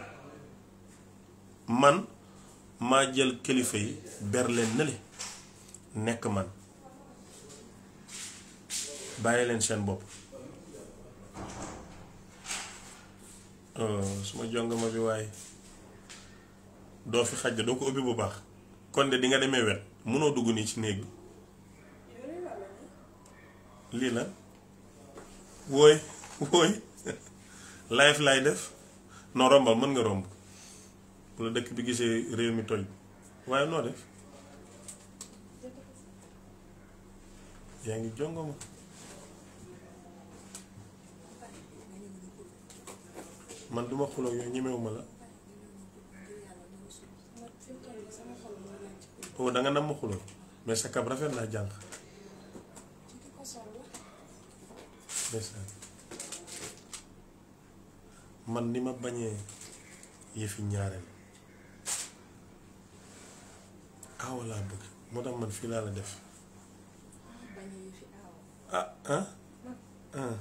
[SPEAKER 2] man maa jël kilifa yi ber leen nële nekk man bàyyi leen seen bopp Euh, suma jongama bi waaye doo fi xaj doo ko ubbi bu baax kon de di nga demee wet mënoo dugg nii ci néeg lii la wooy wooy live laay def non rombal mën nga romb bu la dëkk bi gisee réew mi toj waaye noo def yaa ngi jongoma man duma xuloo yooyu ñemewuma la oo danga nam ma xuloo mais sa kab rafet laa jànq man ni ma bañee yëfi ñaareel aawa bëgg moo tax man fii laa la def ah ah, ah.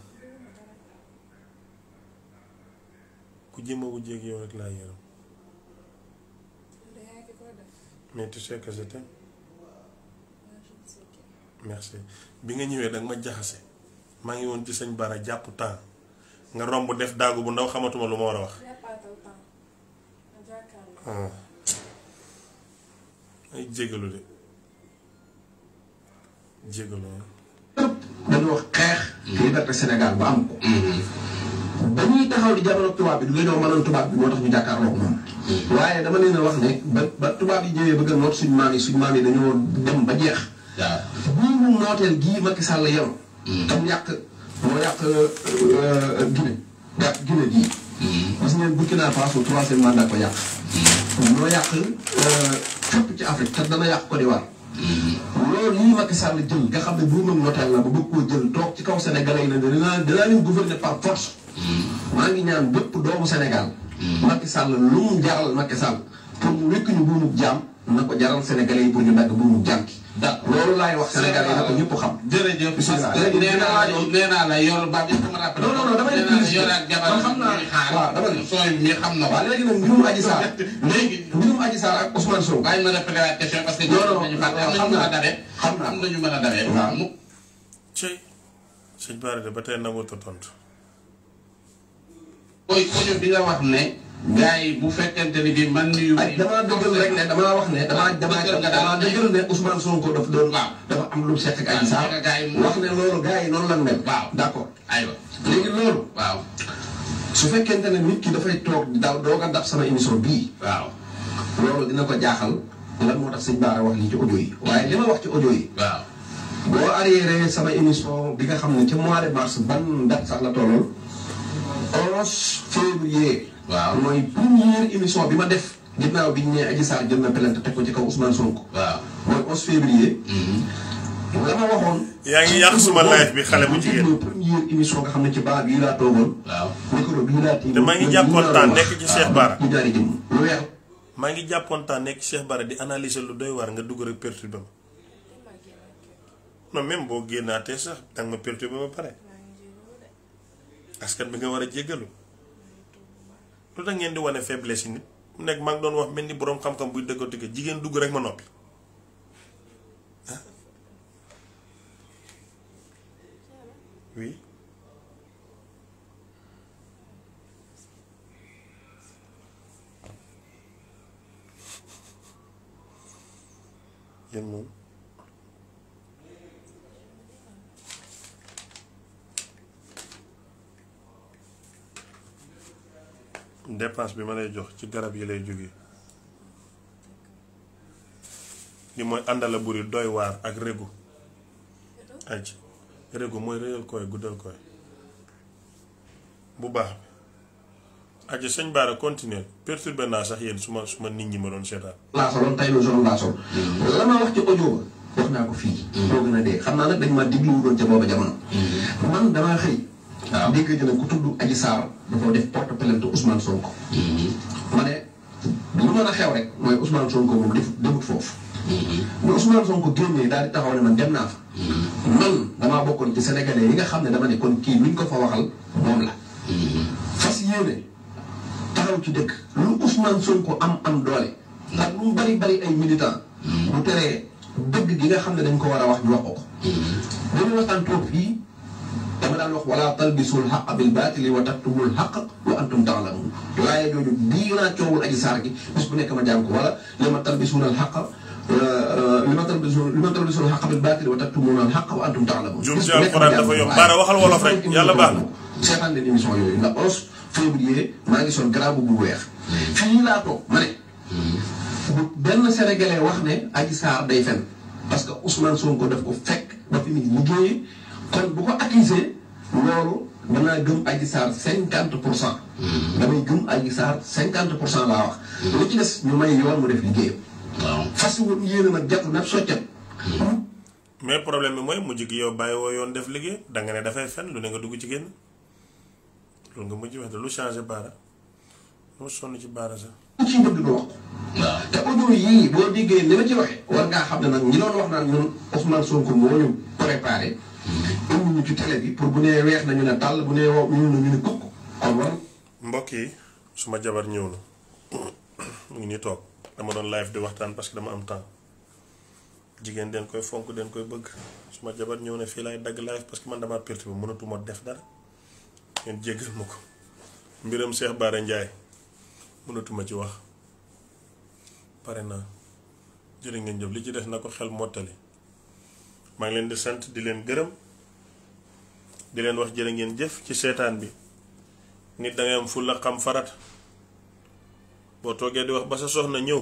[SPEAKER 2] ku jéem a wujjeeg yow rek laa yërëm mais tu sais merci bi nga ñëwee danga ma jaxase maa ngi woon ci sëñ Bara jàpp temps nga romb def daagu bu ndaw xamatuma lu ma war a wax ah. ay jégalu de jégalu ah.
[SPEAKER 3] dañoo xeex liberté Sénégal ba am ko mm-hmm. ba ñuy taxaw di jamono tubaab bi du dañoo mënoon tubaab bi moo tax ñu jàkkaarloo moom waaye dama leen a wax ne ba tubaab yi ñëwee bëgg a noot suñu maam yi suñu maam yi dañoo dem ba jeex ñii mu nooteel gii Macky Sall yor hmm. tam yàq moo yàq euh, Guinée yàq Guinée gii parce hmm. que Burkina Faso troisième mandat ko yàq hmm. moo yàq euh, fépp ci Afrique te dana yàq Côte d'Ivoire loolu lii Macky Sall jël nga xam ne buumam nooteel la ba bëgg koo jël toog ci kaw senegal yi ne danaa danaa leen gouverner par force maa ngi ñaan bépp doomu Sénégal. Mm. Macky Sall lu mu jaral Macky Sall pour mu wékk ñu buumub jaam na ko jaral sénégalais yi pour ñu dagg buumub jaam ki.
[SPEAKER 1] d'accord loolu laay wax sénégalais yi na ko ñëpp xam. jërëjëf parce que nee naa la nee naa la yor ba bi sama rappel. non non non dama ne plus de man xam naa waaw dama ne sooy mi xam na. waaw léegi nag mbirum Adji Sarr. léegi mbirum Adji Sarr ak Ousmane Sow. bàyyi ma répété la question parce que. non non non xam naa xam naa
[SPEAKER 2] am na ñu mën a dabee. waaw mu. sëñ Ba Rydhi ba tey nangu tontu koy suñu bi nga wax ne.
[SPEAKER 1] gars yi bu fekkente ni bi man nuyu. ay damaa dëggal rek ne damaa wax ne damaa damaa damaa dëggal ne
[SPEAKER 3] Ousmane Sonko daf doon. waaw am lu mu seq ak Adji Sarr yi noonu la mel. d' accord aywa. léegi loolu. su fekkente ne nit ki dafay toog doog a dab sama émission bii. waaw loolu dina ko jaaxal. lan moo tax sëñ Baara wax lii ci audio yi. waaye li ma wax ci ojo yi. waaw boo arriéré sama émission bi nga xam ne ci mois de mars ban date sax la tolloon. 11 février. waaw mooy première émission bi ma def. ginnaaw bi ñu nee Adji Sarr jël na plainte teg ko ci kaw Ousmane Sonko. waaw mooy 11 février. Mhm. la ma waxoon. yaa ngi yàq suma live bi xale mu jigéen. première xam ne ci baa bii laa toogoon. waaw micro te maa ngi jàppoon temps nekk ci Cheikh Bara. ñu
[SPEAKER 2] maa ngi jàppoontaan temps nekk ci Cheikh Bara di analyser lu doy war nga dugg rek perturbé ma non même boo génnaatee sax danga ma perturbé ba pare. askan bi nga war a jéggalu lu tax ngeen di wane faiblesse yi nit mu nekk maa ngi doon wax mel ni boroom xam-xam buy dëggoo tëgg jigéen dugg rek ma noppi oui yéen dépense bi ma lay jox ci garab yi lay jóge li mooy àndala buri doy waar ak régu aj régu mooy réyal koy guddal koy bu baax bi aji sëñ Bara continuer perturbé naa sax yéen su ma su ma nit ñi ma doon seetaan laa soloon
[SPEAKER 3] mm-hmm. la ma wax ci audio ba wax naa ko fii boo gën a dee xam naa nag dañ ma digluwu doon ca booba jamono mm-hmm. man damaa xëy waaw dégg nga ne ku tudd Adji Sarr dafa def port plainte Ousmane Sonko. Mhm. ma ne lu mën a xew rek mooy Ousmane Sonko moom def demut foofu. mais mhm. Ousmane Sonko génnee daal di taxaw ne man dem naa fa. Mhm. man damaa bokkoon ci sénégalais yi nga xam ne dafa ne kon kii ni ñu ko fa waxal moom la. fas yéene taxaw ci dëkk lu Ousmane Sonko am am doole. ak lu mu bari bari ay militant bu teree dëgg gi nga xam ne dañ ko war a wax ñu wax ko ko. dañu waxtaan trop fii. dama daan wax wala talbisul xaq bil baatili wa taktubul xaq wa antum taalamun laaya jooju bii naa coowul aji saar gi bis bu nekk ma jàng ko wala li ma talbisuun al xaq li ma talbisuun li ma talbisuun xaq bil baatili wa taktumuun al xaq wa antum taalamun. bis bu nekk ma jàng ko baara waxal wolof rek yàlla baax na. seetaan leen émission yooyu ndax onze février maa ngi sol grand bu weex. fii laa toog ma ne. bu benn sénégalais wax ne aji saar day fen parce que Ousmane Sonko daf ko fekk dafa nit liggéey kon bu ko accusé loolu mën naa gëm Adji Sarr cinquante pour cent. Mm-hmm. damay gëm Adji Sarr cinquante pour cent laa wax. Mm-hmm. li ci des ñu may yoon mu def liggéeyam. waaw fas yéene nag
[SPEAKER 2] mm-hmm. def liggéey da nga ne dafay fen lu ne nga dugg ci génn loolu nga mujj wax lu changé baara lu sonn ci baara sax.
[SPEAKER 3] li ci bëgg du wax. waaw te audio yii boo déggee ni ma ci waxee. war ngaa xam ne nag ñi doon wax naan ñun Ousmane Sonko moo ñu préparé. ñu pour bu nee weex nañu ne tàll bu nee wow ñu ne
[SPEAKER 2] mbokk yi suma jabar ñëw na mu ngi nii toog dama doon live di waxtaan parce que dama am temps jigéen den koy fonk den koy bëgg suma jabar ñëw ne fii lay dagg live parce que man damaa perturbé mënatuma def dara ngeen jéggal ma ko mbiram Cheikh Bara Ndiaye mënatuma ci wax pare naa jërë ngeen jëf li ci des na ko xel mottali. maa ngi leen di sant di leen gërëm di leen wax jërë ngeen jëf ci seetaan bi nit dangay am fulla xam farat boo toogee di wax ba sa soxna ñëw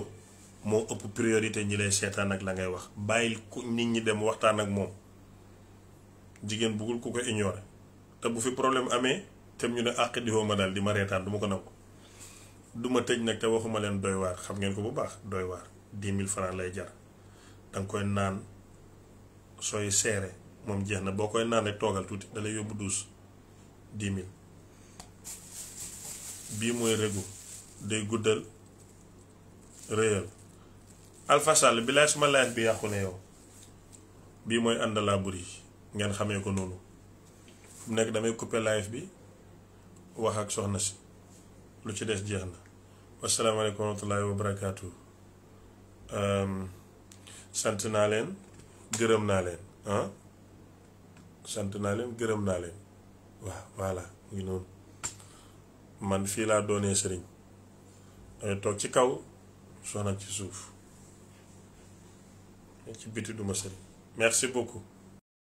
[SPEAKER 2] moo ëpp priorité ñi lay seetaan ak la ngay wax bàyyil ku nit ñi dem waxtaan ak moom jigéen buggul ku ko ignorer te bu fi problème amee tem ñu ne àq di ma daal di ma reetaan du ma ko nangu du ma tëj nag te waxuma leen doy waar xam ngeen ko bu baax doy waar dix mille francs lay jar danga koy naan sooy seere moom jeex na boo koy naan rek toogal tuuti dalay yóbbu douze dix bii mooy regu day guddal réyal Alpha Sall bi suma live bi yàqu ne yow bii mooy àndalaa buri ngeen xamee ko noonu fu mu nekk damay couper live bi wax ak soxna si lu ci des jeex na wasalaamaaleykum wa rahmatullaahi wa barakaatu sant naa leen gërëm naa leen ah. sant naa leen gërëm naa leen waaw voilà ngi noonu man fii laa doonee sëriñ damay toog ci kaw soxna ci suuf ci biti duma sëriñ merci beaucoup